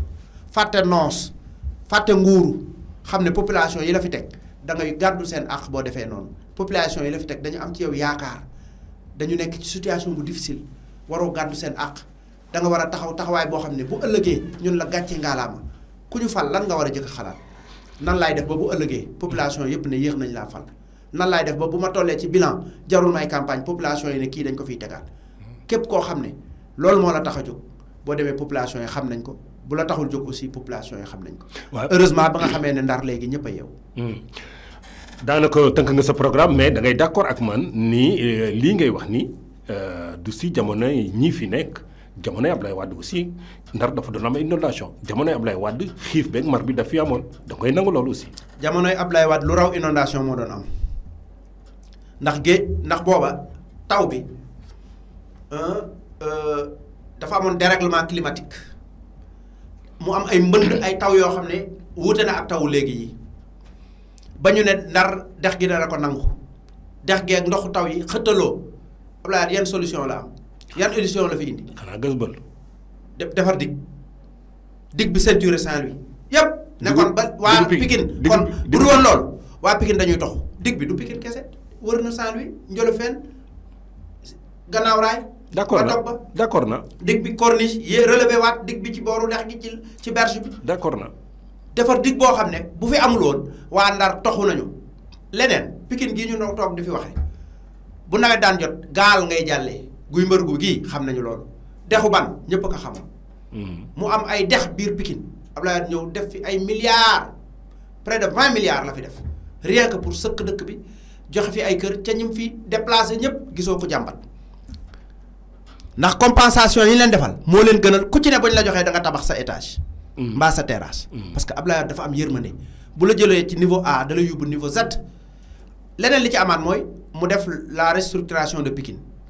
Speaker 3: faté nos faté nguuru xamné population yi la fi tek da ngay gàddu sen àq bo defé non population yi la fi tek dañu am ci yow yaakar dañu nek ci situation bu difficile waro gardu sen ak. da nga war a taxaw taxawaay boo xam ne bu ëllëgee ñun la gàcce ngaalaama ku ñu fal lan nga war a jëkk xalaat nan laay def ba bu ëllëgee population yëpp ne yéex nañ laa fal nan laay def ba bu ma tollee ci bilan jarul may campagne population yi ne kii dañ ko fiy tegaat képp koo xam ne loolu moo la tax a jóg boo demee population yi xam nañ ko bu la taxul jóg aussi population yi xam nañ ko. heureusement ba nga xamee ne ndar léegi ñëpp
Speaker 2: a yeewu. Hmm. daanaka tënk nga sa programme mais da ngay d'accord ak man ni euh, lii ngay wax ni euh, du si jamono ñii fi nekk. jamono ablay Wade aussi ndar dafa doon am inondation jamono ablay wad xif beeg mar bi daf fi da ngay nangu loolu aussi. jamono ablay wad
Speaker 3: lu raw inondation mo doon am
Speaker 2: ndax ge ndax boba
Speaker 3: taw bi euh, dafa amone dérèglement climatique mu am ay mbeund ay taw yo xamné wouté na ak tawu légui yi bañu né ndar dex gi dara ko nangu dex ak ndoxu taw yi xëttaloo ablay yeen solution la am. yan édition la fi indi. xanaa gës bël. defar dig dig bi ceinture Saint-Louis yëpp. ne kon ba waa Pikine kon bu dul woon loolu waa Pikine dañuy tox dig bi du Pikine kese wër na Saint-Louis Ndiolofène gannaaw raay. d'accord na d'accord na. dig bi corniche yee relevé waat dig bi ci booru lex gi ci ci berge bi. d'accord na. defar dig boo xam ne bu fi amul woon waa Ndar toxu nañu leneen Pikine gi ñu doon toog di fi waxe bu nawet daan jot gaal ngay jàllee. guy mbar gu gi xam nañu lool dexu ban ñepp ko xam hmm. mu am ay dex bir pikin ablaye ñew def fi ay milliards près de 20 milliards la fi def rien que pour seuk dekk bi jox fi ay kër ca ñim fi déplacer ñepp gisoko jambat ndax compensation yi leen defal mo leen gënal ku ci ne bañ la joxe da nga tabax sa étage hmm. mba sa terrasse hmm. parce que ablaye dafa am yermane bu la jëlé ci niveau A da lay yóbbu niveau Z leneen li ci amaat mooy mu def la restructuration de Pikine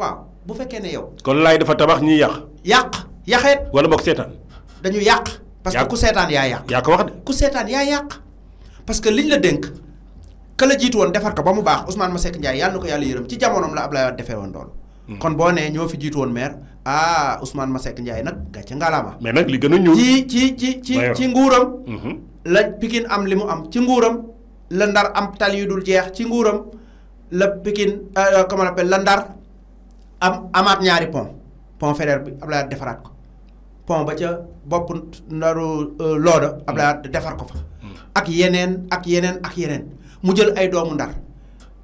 Speaker 3: waaw bu fekkee ne yow.
Speaker 2: kon laay dafa tabax ñuy yàq. yàq yàqeet. wala boog seetaan. dañu yàq. parce que ku seetaan yaa yàq. yaa wax de.
Speaker 3: ku seetaan yaa yàq. parce que liñ la dénk ka la jiitu woon defar ko ba mu baax Ousmane Masseck Ndiaye yàlla na ko yàlla yërëm ci jamonoom la Ablaye Wade defee woon loolu. Hmm. kon boo nee ñoo fi jiitu woon maire ah Ousmane Masseck Ndiaye nag gàcce
Speaker 2: ngalaama. mais nag li gën a ñuul. ci
Speaker 3: ci ci ci ci nguuram. Hmm. la Pikine am li mu am ci nguuram. la Ndar am tal yu dul jeex ci nguuram la Pikine euh, euh, comment on appelle la Ndar am amaat ñaari pont pont Faidherbe bi Abdoulaye defaraat ko pont ba ca bopp ndaru euh, Looda Abdoulaye defar ko fa. Hmm. ak yeneen ak yeneen ak yeneen mu jël ay doomu ndar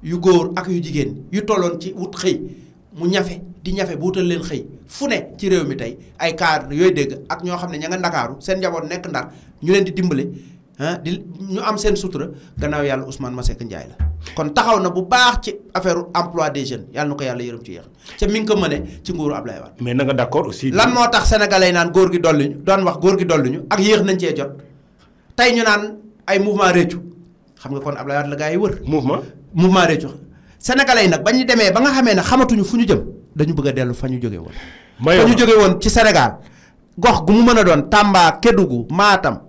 Speaker 3: yu góor ak yu jigéen yu tolloon ci wut xëy mu ñafe di ñafe bu wutal leen xëy fu ne ci réew mi tey ay kaar yooyu dégg ak ñoo xam ne ña ndakaaru seen njaboot nekk ndar ñu leen di dimbale. di ñu am seen sutura gannaaw yàlla Ousmane Masseck Ndiaye la kon taxaw na bu baax ci affaire emploi des jeunes yàlla na ko yàlla yërëm ci yéex ca mi ngi ko mëne ci nguuru Ablaye Wade
Speaker 2: mais na nga d'accord aussi
Speaker 3: lan moo tax sénégalais naan góor gi dolluñu doon wax góor gi dolluñu ak yéex nañ cee jot tey ñu naan ay mouvement réccu xam nga kon Ablaye Wade la gars yi wër mouvement mouvement réccu sénégalais yi nag bañ ñu demee ba nga xamee ne xamatuñu fu ñu jëm dañu bëgg a dellu fa ñu jóge woon fa ñu jóge woon ci sénégal gox gu mu mën a doon tamba kedugu Matam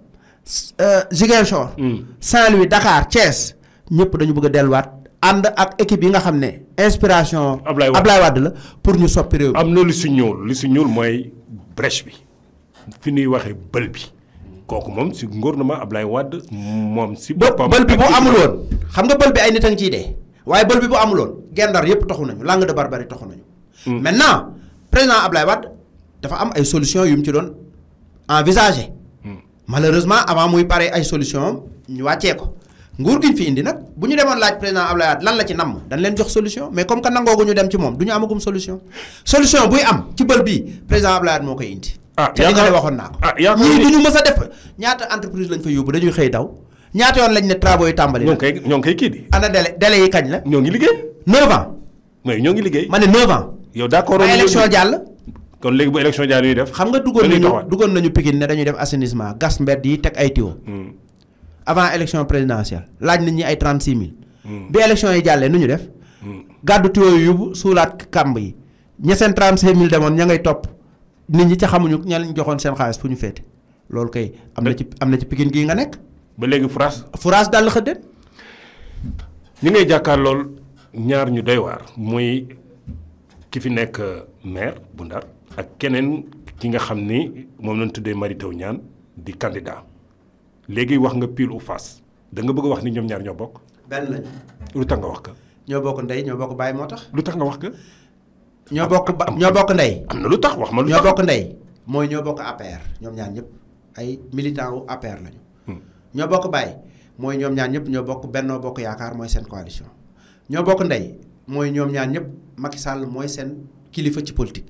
Speaker 3: Euh, Ziguinchor. Mm. Saint-Louis Dakar Thiès ñëpp dañu bëgg a delluwaat ànd ak équipe yi nga xam ne inspiration.
Speaker 2: Ablaye Wade la pour ñu soppi réew am na lu si ñuul li si brèche bi bël bi si gouvernement Ablaye Wade moom si boppam. bël bi bu amul xam nga bël bi ay langue
Speaker 3: de barbarie taxu nañu. Mm. maintenant président Ablaye Wade dafa am ay solution yu mu envisager. malheureusement avant muy pare ay solution am ñu wàccee ko nguur gi ñu fi indi nag bu ñu demoon laaj président Abdoulaye Wade lan la ci namm dañ leen jox solution mais comme que nangoogu ñu dem ci moom du ñu amagum solution solution buy am ci bël bii président Abdoulaye Wade moo koy indi. ah te waxoon naa ko. ah ñii du ñu mës a def ñaata entreprise lañ fa yóbbu dañuy xëy daw ñaata yoon lañ ne
Speaker 2: travaux yi tàmbali. ñoo ngi koy kii di. ana délai délai yi kañ la. ñoo ngi liggéey. 9 ans. ma ne 9 ans. yow kon léegi bu élection jaar ñuy def. xam nga duggoon nañu
Speaker 3: duggoon nañu Pikine ne dañuy def assainissement gas mbedd yi teg ay tuyaux. Hmm. avant élection présidentielle laaj nañ ñi ay 36000. Hmm. bi élection yi jàllee nu ñu def. Hmm. gàddu tuyaux yu yóbbu suulaat kàmb yi ña seen 36000 demoon ña ngay topp nit ñi ca xamuñu ña lañ joxoon seen xaalis fu ñu féete loolu kay. am na ci am na ci Pikine gii nga nekk. ba léegi France. France daal
Speaker 2: la xëddeen. ñu ngay jàkkaar lool ñaar ñu doy waar muy ki fi nekk maire bu Ndar. ak keneen ki nga xam ni moom lañ tuddee Mary Teuw Niane di candidat léegi wax nga pile ou fas danga bëgg wax ni ñoom ñaar ñoo bokk.
Speaker 3: benn lañ. lu tax wax ka. ñoo bokk ndey ñoo bokk baay moo tax. lu tax nga wax ka. ñoo bokk ba ñoo bokk ndey. am na lu tax wax ma lu tax bokk ndey. mooy ñoo bokk APR ñoom ñaar ñëpp ay militant wu APR lañu. Hmm. bokk baay mooy ñoom ñaar ñëpp ñoo bokk Benno Bokk Yaakaar mooy seen coalition. ñoo bokk ndey mooy ñoom ñaar ñëpp Macky sàll mooy seen kilifa ci politique.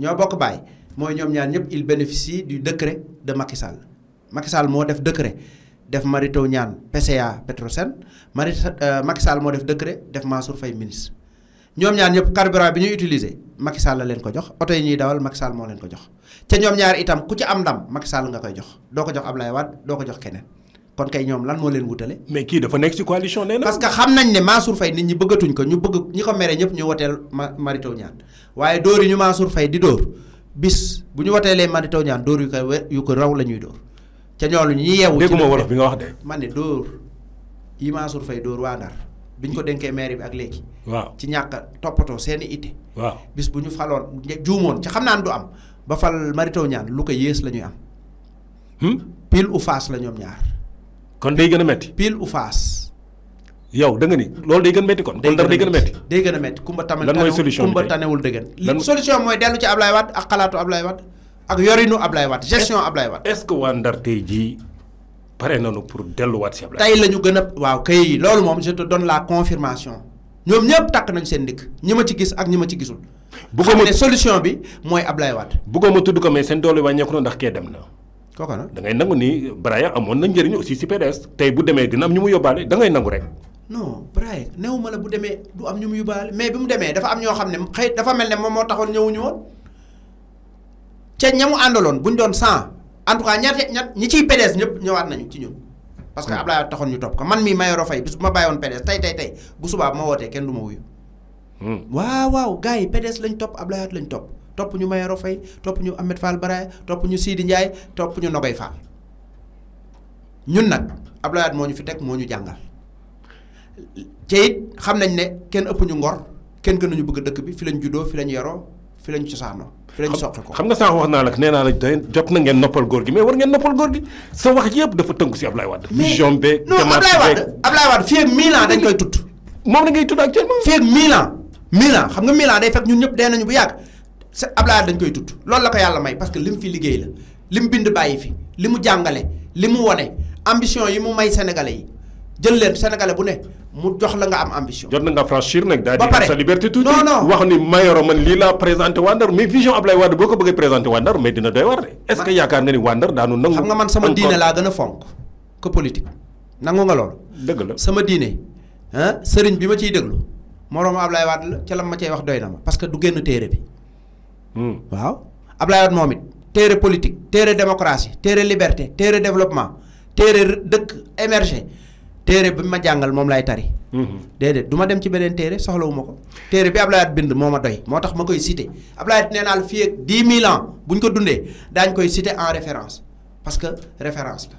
Speaker 3: ñoo bokk baay mooy ñoom ñaar ñëpp il bénéficie du décret de Macky Sall Macky Sall mo def décret def Marito Teuw PCA Petrosen Mary euh, Macky Sall mo def décret def Mansour Faye ministre ñom ñaar ñëpp carburant bi ñu utiliser Macky Sall la leen ko jox auto yi ñi dawal Macky Sall mo leen ko jox te ñom ñaar itam ku ci am ndam Macky Sall nga koy jox do ko jox Abdoulaye Wade do ko jox kenen kon kay ñoom lan moo leen wutale mais kii dafa nekk ci coalition nee parce que xam nañ ne Mansour Faye nit ñi bëggatuñ ko ñu bëgg ñi ko mere ñëpp ñu woteel marito Teuw Niane waaye ñu Mansour Faye di dóor bis bu ñu woteelee marito Teuw Niane dóor yu ko yu ko raw la ñuy ca ñoolu ñi yeewu dégguma wolof bi nga wax de man ne dóor yi Mansour Faye dóor waa Ndar biñ ko dénkee maire bi ak léegi waaw ci ñàkk toppatoo seeni itte waaw bis bu ñu faloon juumoon ci xam du am ba fal Mary Teuw Niane lu ko yées la ñuy am hmm? pile ou face la ñaar kon day gëna metti pile ou face yow da nga ni lolou day gëna metti kon kon dara day gëna metti day gëna metti kumba tamel tan kumba tanewul degen solution moy delu ci ablay Wade ak xalaatu ablay Wade ak yorinu ablay
Speaker 2: Wade gestion ablay Wade est ce que wandar tay ji paré nañu pour delu si ci ablay
Speaker 3: tay lañu gëna a waaw kay lolou mom je te donne la confirmation ñom ñëpp tak nañ sen dik ñima ci gis
Speaker 2: ak ñima ci gisul bu ko solution bi moy ablay Wade bu ko mo tuddu ko mais sen dolu wàññeeku na ndax ke dem na kooka na dangay ngay nangu ni Braya amoon na njëriñ aussi si PDS tey bu demee dina am ñu mu yóbbaale da ngay nangu rek.
Speaker 3: non Braya néew ma la bu demee du am ñu mu yóbbaale mais bi mu demee dafa am ñoo xam ne xëy dafa mel ne moom moo taxoon ñëwuñu woon ca ñamu àndaloon bu ñu doon 100 en tout cas ñaata ña ñi ciy PDS ñëpp ñëwaat nañu ci ñun. parce que hmm. Ablaye taxoon ñu topp ko man mii ma Mayoro Faye bi su ma bàyyoon PDS tey tey tey bu subaa ma wootee kenn du ma wuyu. Hmm. waaw waaw gars yi PDS lañ topp Ablaye lañ topp. topp ñu Mayoro Faye topp ñu Ahmed Fall Baraya topp ñu Sidi Ndiaye topp ñu Nogoy Fall ñun nag Abdoulaye Wade moo ñu fi teg moo ñu jàngal te it xam nañ ne kenn ëpp ñu ngor kenn gënuñu bëgg fi xam
Speaker 2: na sa wax yëpp dafa tënku si Abdoulaye Wade vision beeg non Abdoulaye Wade Abdoulaye Wade fii ak mille ans dañ koy tudd moom la ngay tudd actuellement fii ak mille ans xam
Speaker 3: nga mille day fekk ñun ñëpp dee nañu bu yàgg Abdoulaye dañ koy tudd lool la ko yàlla may parce que li mu fi liggéey la li mu bind bàyyi fi li mu jàngale li mu wone ambition yi mu may sénégalais yi jël leen sénégalais bu ne mu jox la nga am ambition.
Speaker 2: jot na nga franchir nag. daal di sa liberté tuuti non non wax ni Mayoro man lii laa présenté waa Ndar mais vision Ablaye Wade boo ko bëggee présenté waa Ndar mais dina doy war de. est-ce que yaakaar nga ni waa daanu nangu. xam nga a
Speaker 3: fonk que nangu nga loolu. dëgg la sama diine ah sëriñ bi ma ciy déglu moroomu Ablaye Wade la ca la ma wax doy na parce que du génn téere bi. Hmm. waaw Ablaye moom it téere politique téere démocratie téere liberté téere développement téere dëkk émergé téere bi ma jàngal moom lay tari. Hmm. déedéet du ma dem ci beneen téere soxlawuma ko. téere bi Ablaye bind moo ma doy moo tax ma koy cité Ablaye Wade nee naa la fii ak 10 000 ans bu ñu ko dundee daañ koy cité en référence parce que référence la.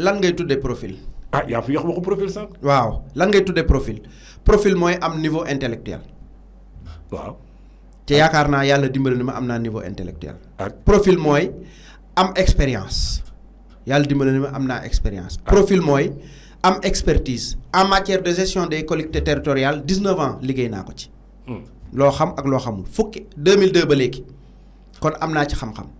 Speaker 3: lan ngay y profil. ah ya fi wax
Speaker 2: waxu profil sax. waaw
Speaker 3: lan ngay tuddé profil profil à am niveau intellectuel. Wow. te yaakaar naa yàlla dimbali na ma am naa niveau intellectuel. Ah. profil mooy am expérience. yàlla dimbali na ma am naa expérience. Ah. profil mooy am expertise en matière de gestion des collectivités territoriales 19 ans liggéey naa ko ci. Hmm. loo xam ak loo xamul fukki 2002 ba léegi kon am naa ci xam-xam.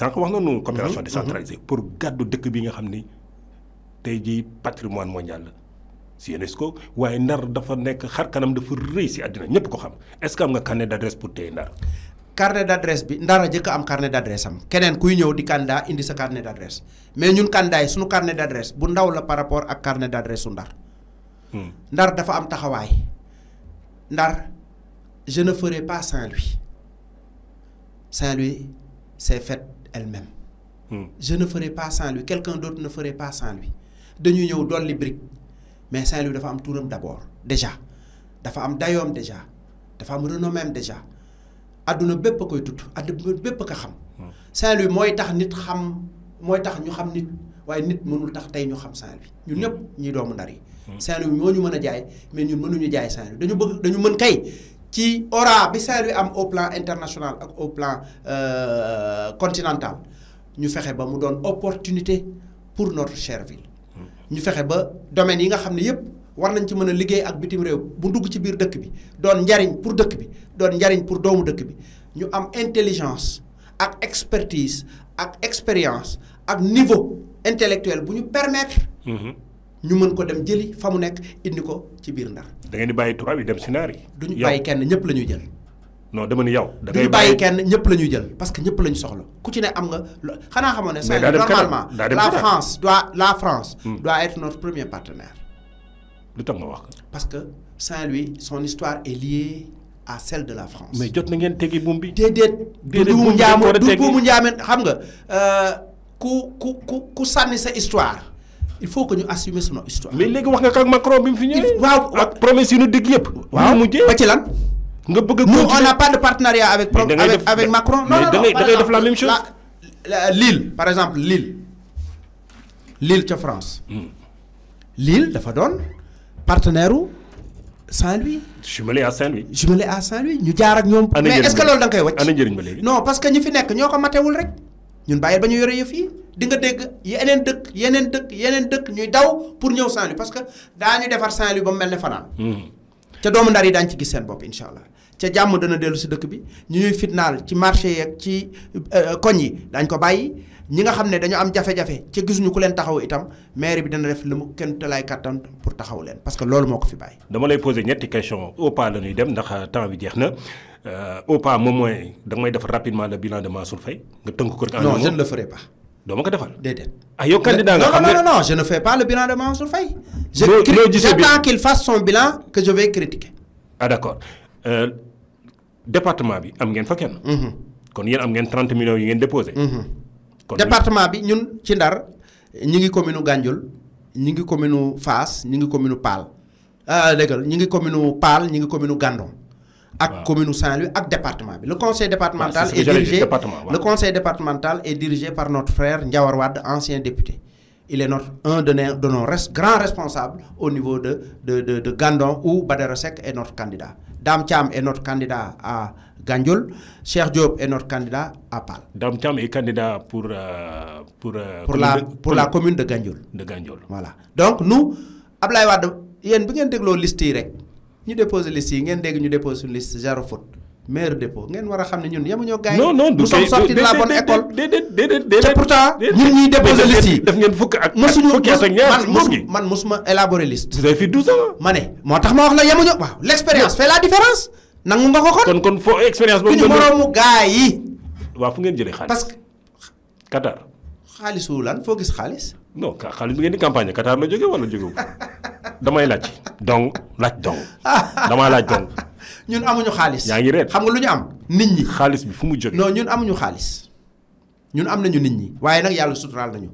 Speaker 2: sànq wax nañu mhm. coopération mhm. décentralisée pour gàddu dëkk bi nga xam ni tey jii patrimoine mondial la si UNESCO waaye Ndar dafa nekk xar kanam dafa rëy si àddina ñëpp ko xam est-ce que am nga carnet d'adresse pour tey Ndar. carnet d'adresse bi Ndar a jëkk am carnet d'adresse am keneen kuy ñëw
Speaker 3: di candidat indi sa carnet d'adresse mais ñun candidat yi suñu carnet d'adresse bu ndaw la par rapport ak carnet d'adresse su Ndar. Hmm. Ndar dafa am taxawaay Ndar je ne ferai pas Saint-Louis Saint-Louis c'est fait elle-même. Hmm. Je ne ferai pas sans lui quelqu'un d'autre ne ferait pas sans lui dañu ñëw dolli brique mais sans lui, dafa am turam d'abord déjà dafa am d'ayom déjà dafa am renomméem déjà adduna bépp a koy tudd adduna bépp a ko xam. Hmm. Saint-Louis mooy tax nit xam moy tax ñu xam nit waye nit mënul tax tay ñu xam saint ñun hmm. ñëpp ñi doomu ndar yi. Saint-Louis ñu jaay mais ñun ñu jaay sans lui. dañu bëgg dañu mën kay qui aura bi am au plan international ak au plan euh, continental ñu ferait ba mu donne opportunité pour notre chère ville. Hmm. ñu ferait ba domaine yi nga xamné yépp war nañ ci mëna liggéey ak bitim réew bu dugg ci biir dëkk bi doon njariñ pour dëkk bi doon njariñ pour doomu dëkk bi ñu am intelligence ak expertise ak expérience ak niveau intellectuel bu ñu permettre. Hmm. Nous mën ko dem jëli fa mu indi ko ci biir Ndar.
Speaker 2: da ngeen di bàyyi dem kenn ñëpp la jël. non dama da parce que ñëpp la
Speaker 3: ku normalement la France doit la France. Hmm. doit être notre premier partenaire. parce que Saint-Louis son histoire est liée à celle de la France. mais jot na ngeen teggi buum bi. déedéet du xam nga euh, histoire il faut que nous assumions son histoire. mais les gens qui ont Macron ils promesse nous on n'a pas de partenariat avec. Macron non non Lille par exemple Lille. Lille de France. Hmm. Lille de partenaire où Saint-Louis. jumelé à Saint-Louis. jumelé à Saint-Louis
Speaker 2: Nous mais est-ce que nous
Speaker 3: non parce que nous, fi nous nous maté ñun bàyyil ba ñu yore yëf yi di nga dégg yeneen dëkk yeneen dëkk yeneen dëkk ñuy daw pour ñëw Saint-Louis parce que daañu defar Saint-Louis ba mu mel ne fanaan hmm. ca doomu ndar yi daañu ci gis seen bopp incha allah ca jàmm dana dellu si dëkk bi ñu ñuy fitnaal ci marché yeeg ci euh, koñ yi daañ ko bàyyi ñi nga xam ne dañu am jafe-jafe ca gisuñu ku leen taxaw itam maire bi dana def lu mu kenn talaay kàttan pour taxaw leen parce que loolu moo ko fi bàyyi.
Speaker 2: dama lay poser ñetti question au ñuy dem ndax temps bi jeex na. Euh, au pas moom mooy da nga may rapidement le bilan de Mansour Faye nga tënk ko. non je ne le ferai pas. doo ma ko defal dedet ah yow candidat nga non non non je ne fais pas le
Speaker 3: bilan de Mansour Faye.
Speaker 2: je j'attends
Speaker 3: qu'il fasse son bilan que je vais
Speaker 2: critiquer. ah d'accord euh, département bi am ngeen fa kenn. Mhm. kon yeen am ngeen 30 millions yi ngeen déposé. Mhm. kon département bi ñun ci Ndar ñi ngi commune u ñi ngi commune u
Speaker 3: ñi ngi commune u ah dëggal ñi ngi commune u ñi ngi commune u Gandon ak commune Saint-Louis à département le conseil départemental est dirigé le conseil départemental est dirigé par notre frère Ndiawar ancien député. il est notre un de nos grands responsables au niveau de de de Gandon où Badara est notre candidat Dame Thiam est notre candidat à Gandiol Cher Diop est notre candidat à Pal. Dame Thiam est candidat pour euh, pour. Euh, pour la commune de Gandiol. de voilà donc nous Ablaye Wade y bi une liste ñu déposer liste yi ngeen dégg ñu déposer suñu liste zéro faute maire dépôt ngeen war a xam ne ñun yamu ñoo gaay non non du sama sortis de la bonne école dé dé dé dé dé pourtant ñun ñi déposer liste yi def ngeen fukk ak fukk ak mosuñu man man mosuma élaborer liste vous avez fait 12 ans mané motax ma wax la yemuñu waaw l' expérience fait la différence nangu nga ko
Speaker 2: kon kon kon fo expérience boobu ñu
Speaker 3: mu gaay yi
Speaker 2: waaw fu ngeen jëlé xaalis parce que Qatar xaalisu lan fo gis xaalis non xaalis bi ngeen di campagne Qatar la jóge wala jóge damay laaj donc laaj donc damaa laaj donc <laughs> ñun amuñu xaalis
Speaker 3: yaa ngi reet xam nga lu ñu am nit ñi xaalis bi fu mu jot non ñun amuñu xaalis ñun am nañu nit ñi waaye nag yàlla suturaal nañu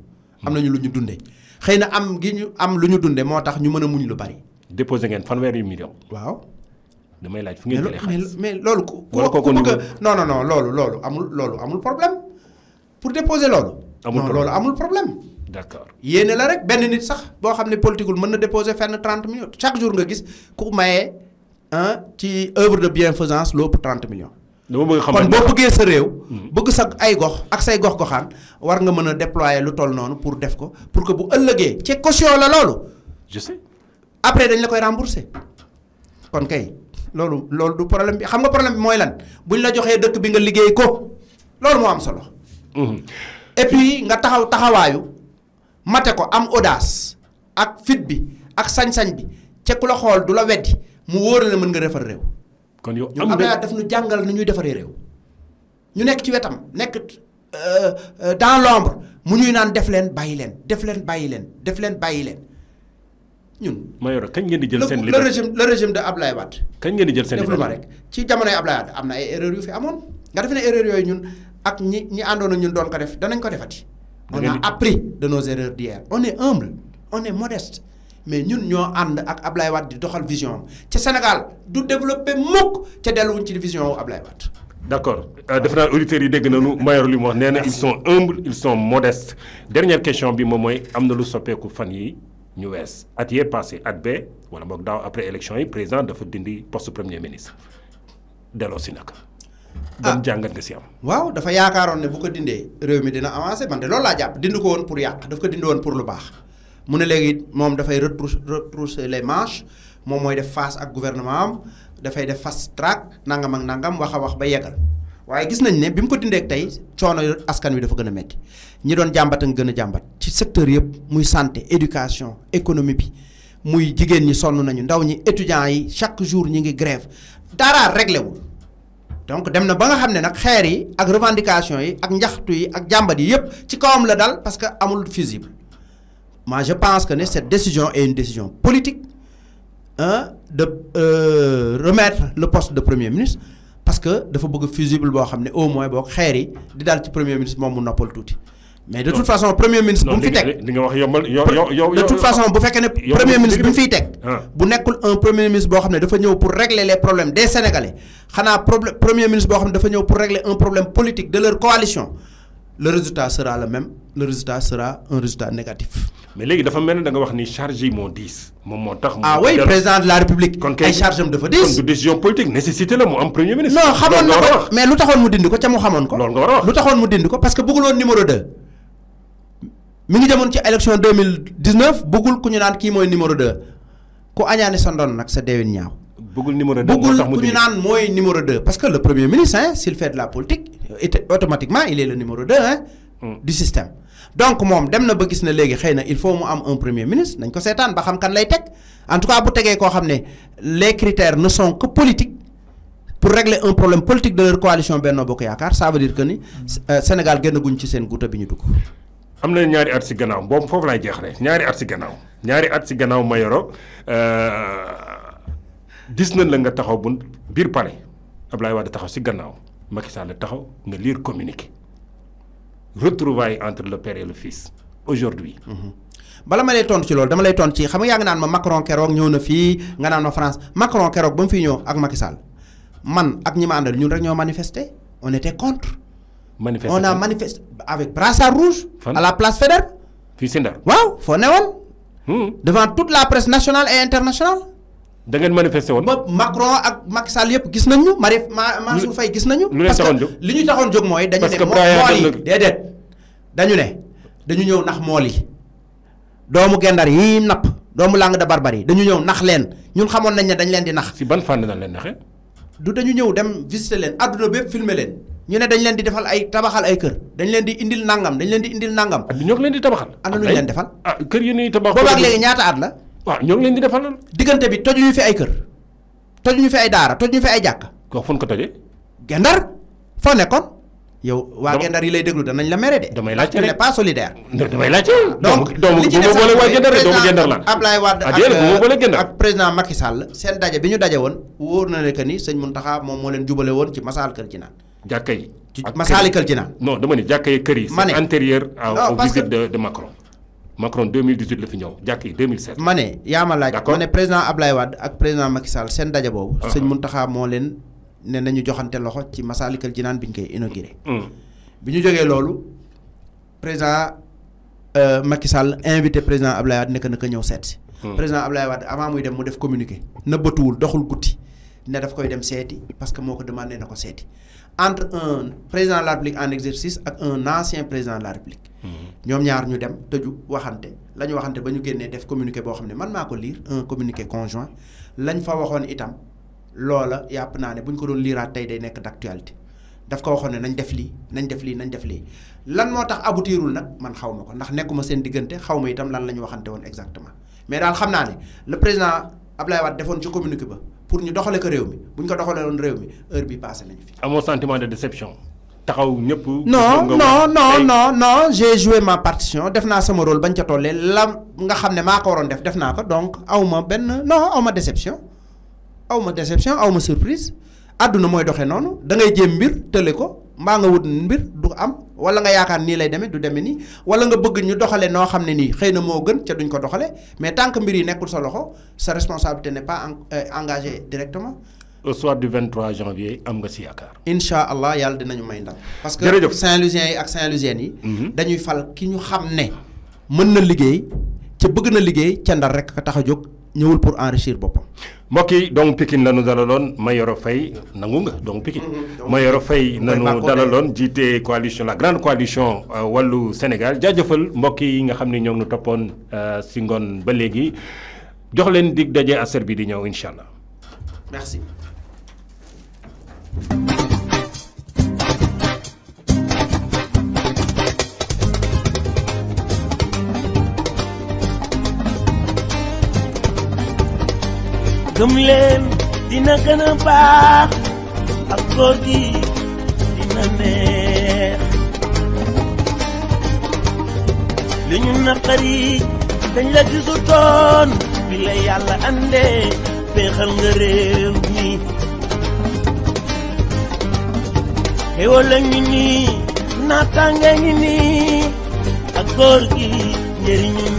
Speaker 3: am nañu lu ñu dunde xëy na am gi ñu am lu ñu dunde moo tax ñu mën a muñ lu bari déposé ngeen fanweeri million waaw damay laaj fu ngeen jëlee xaalis mais loolu ku ku non non non loolu loolu amul loolu amul problème pour déposer loolu amul loolu amul problème d'accord yéene la rek benn nit sax boo xam ne politiqueul mën na déposer fenn trent millions chaque jour nga gis ku maye ah ci œuvre de bienfaisance lopp 30 millions. kon boo bëggee sa réew hmm. bëgg sa ay gox ak say gox-goxaan war nga mën a déployer lu toll noonu pour def ko pour que bu ëllëgee ci caution la loolu je après dañ la koy rembourser kon kay loolu loolu du problème bi xam nga problème bi mooy lan bu buñ la joxee dëkk bi nga liggéey ko loolu moo am solo hmm. et puis nga taxaw taxawaayu mate ko am audace ak fit bi ak sañ-sañ bi ca ku la xool du la weddi mu wóor la mën nga defar kon yow am na daf ñu jàngal nu ñuy defaree réew. ñu nekk ci wetam nekk euh, euh, dans l'ombre mu ñuy naan def leen bàyyi leen def leen bàyyi leen def leen bàyyi leen
Speaker 2: ñun. Mayoro kañ di jël seen. le régime
Speaker 3: le régime de Abdoulaye Wade.
Speaker 2: kañ ngeen di jël seen def ma rek
Speaker 3: ci jamonoy Abdoulaye Wade am na ay erreurs yu fi amoon nga defe ne erreurs yooyu ñun ak ñi ñi àndoon ak ñun doon ko def danañ ko defati.
Speaker 1: on a appris
Speaker 3: de nos erreurs d'hier on est humble on est modeste mais nous, nous ànd ak Ablaye Watt di doxal vision am Sénégal du développons beaucoup ca delluwuñ ci vision wu Ablaye
Speaker 2: D'accord. d' euh, accord defe naa auditeurs yi dégg nañu ils sont humbles ils sont modestes dernière question bi moom mooy am na lu soppeeku fan yi ñu wees at yee passé at bee wala après élection yi président de dindi poste premier ministre delloo si Ah. ban jàngat nga si am. waaw dafa yaakaaroon ne bu ko dindee réew mi dina
Speaker 3: avancé man de loolu laa jàpp dind ko woon pour yàq daf ko dindi woon pour lu baax mu ne léegi moom dafay retrousser les manches moom mooy def face ak gouvernement am dafay def fas track nangam ak nangam wax a wax ba yegal waaye gis nañ ne bi mu ko dindee tey coono askan wi dafa gën a métti ñi doon jàmbat a ak gën a jàmbat ci secteur yëpp muy santé éducation économie bi muy jigéen ñi sonn nañu ndaw ñi étudiants yi chaque jour ñi ngi grève dara réglé wul donc dem na ba nga yi ak revendication yi la dal parce que amul fusible moi je pense que cette décision est une décision politique hein, de euh, remettre le poste de premier ministre parce que dafa bëgg fusible au moins bo dal premier ministre
Speaker 2: mais de toute façon premier ministre de toute façon premier
Speaker 3: ministre bu ah. un premier ministre pour régler les problèmes des sénégalais Un premier ministre pour régler un problème politique de leur coalition le résultat sera le même le résultat sera un résultat négatif
Speaker 2: mais légui dafa melni da charge ah président de la république ay charge am décision politique premier
Speaker 1: ministre non
Speaker 3: mais lu taxone mu ko mu ko parce que numéro 2 mi ngi demoon ci élection 2019 bëggul ku ñu naan ki moy numéro 2 ku añani sa ndon nak sa deewin ñaaw. bëggul numéro 2 bëggul ku ñu naan moy numéro 2. parce que le premier ministre hein, s'il fait de la politique automatiquement il est le numéro 2 hein. Hmm. du système. donc mom dem na ba gis na léegi xeyna il faut mu am un premier ministre nañ ko sétane ba xam kan lay tek en tout cas bu tegee ko xamné les critères ne sont que politiques pour régler un problème politique de leur coalition Benno Bokk ça veut dire que ni euh, Sénégal génnaguñ ci sen guuta biñu ñu dugg
Speaker 2: amna at gannaaw at gannaaw at gannaaw euh, nañ la nga taxaw bu Ablaye taxaw gannaaw taxaw nga lire entre le père et le fils aujourd'hui mm-hmm. bala ma lay ci loolu dama lay tontu ci xam nga ngi
Speaker 3: Macron keroog ñëw na fii nga France Macron keroog ba ñëw ak Macky Sall man ak ñi ñun manifesté on était contre on a manifesté avec brassard rouge. à la place fédérale. Wow, Wow, devant toute la presse nationale et internationale. Vous avez manifesté Macron ak Macky Sall yëpp gis nañu ñu Mansour Faye gis nañu. dañu dañu ne dañu ñëw nax doomu gendar yi napp doomu langue de barbarie dañu ñëw nax leen ñun xamoon nañ ne dañ leen di nax. si ban fànn dañ leen du dañu ñëw dem visiter filmer ñu ne dañ leen di defal ay tabaxal ay kër dañ leen di indil nangam dañ leen di indil nangam. du ah, ñoo leen di tabaxal. am na lu ñu leen defal. ah kër yi ñuy tabax. boobaag léegi ñaata at la. waaw ah, ñoo ngi leen di defal loolu. diggante bi tojuñu fi ay kër tojuñu fi ay daara tojuñu fi ay jàkk. kooku fu ñu ko tojee. gendar foo nekkoon. yow waa gendar yi lay déglu danañ la mere de. damay laajte rek pas solidaire.
Speaker 2: damay laajte. donc li ci des Ablaye Wade ah, ak
Speaker 3: euh, ak président Macky Sall seen daje bi ñu daje woon wóor na ne que ni sëñ Mountakha moom moo leen jubale
Speaker 2: woon ci masaal kër ji naan jàkka yi. Masaalikal Jinaan non dama ni jàkka keur yi. antérieur à aux visites de de Macron. Macron 2018 la fi ñëw jàkk yi 2007. ma ne yaa ma
Speaker 3: laaj président Ablaye wad ak président Macky Sall seen daja boobu. Ah, seigne ah. muntaha mo len ne nañu joxante loxo ci masalikal Jinaan bi ñu koy inauguré. Mm. bi ñu jógee loolu président euh, Macky Sall invité président Ablaye wad nekk na ko ñëw seet mm. président Ablaye wad avant muy dem mu def communiqué. nëbbatuwul doxul guti ne daf koy dem seeti parce que moko demandé nako ko seeti. entre un président de la République en exercice ak un ancien président de la République. Mhm. ñoom ñaar ñu dem tëju waxante la ñu waxante ba ñu génnee def communiqué boo xam ne man maa ko lire un communiqué conjoint lañ fa waxoon itam loola yàpp naa ne bu ñu ko doon liiraat tey day nekk d'actualité daf ko waxoon ne nañ def lii nañ def lii nañ def lii lan moo tax aboutirul nag man xaw ma ko ndax nekkuma seen diggante xaw ma itam lan la ñu waxante woon exactement mais daal xam naa ne le président Abdoulaye Wade defoon ci communiqué ba. pour ñu doxale ko réew mi bu ñu ko doxalee woon réew mi heure bi
Speaker 2: passé nañu fi. amoo sentiment de déception. taxaw ñëpp. non non non non non
Speaker 3: j'ai joué ma partition def naa sama rôle bañ ca tollee la nga xam ne maa ko waroon def def naa ko donc aw ma benn non aw ma déception aw ma déception aw ma surprise àdduna mooy doxee noonu da ngay jéem mbir tële ko mbaa nga wut mbir du am. wala nga yaakaar nii lay demee du demee nii wala nga bëgg ñu doxale noo xam ne nii xëy na moo gën ca duñ ko doxale mais tant que mbir yi nekkul sa loxo sa responsabilité n'est pas euh, engagée directement.
Speaker 2: au soit du 23 janvier am nga si yaakaar.
Speaker 3: incha allah yàlla dinañu may ndam. parce que Saint-Louisiens yi ak Saint-Louisiennes yi. Mhm. dañuy fal ki ñu xam ne mën na liggéey ca bëgg na liggéey ca Ndar rek tax a jóg.
Speaker 2: ñëwul pour enrichir boppam. mbokk yi doomu Pikine la ñu dalaloon Mayoro Faye nangu nga doomu Pikine. Mm-hmm. Mayoro Faye la ñu dalaloon jiite coalition la grande coalition euh, wàllu Sénégal jaajëfal mbokk yi nga xam ni ñoom ngi toppoon euh, si ngoon ba léegi jox leen dig daje aser bi di ñëw incha allah.
Speaker 3: merci.
Speaker 1: gëm leen dina gën a baax ak góor gi dina neex li ñu naqari dañ la gisutoon bi la yàlla andee féexal nga réew mi xéwal la ñu nii naataange ngi nii ak gi njëriñu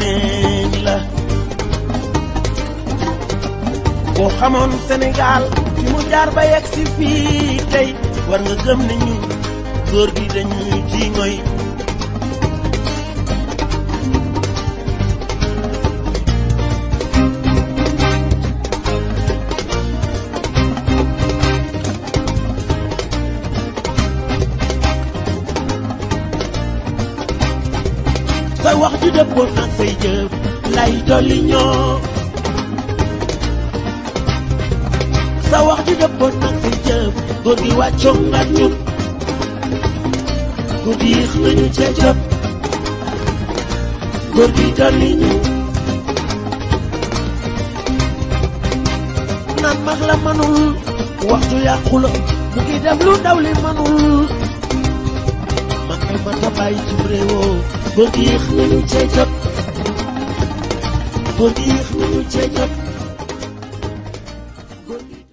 Speaker 1: boo xamoon Sénégal ci mu jaar ba yegg si fii tey war nga gëm ne góor gi dañuy ci ngoy sa wax ju dëppoon ak say jëf lay dolli ñoo dëppoon nag fi jëm góor gi wàccoon ak ñun ku diix nañu ca mag la manul waxtu yàqu la mu ngi dem lu manul mag bi ma ta bàyyi ci réewoo góor gi yéex nañu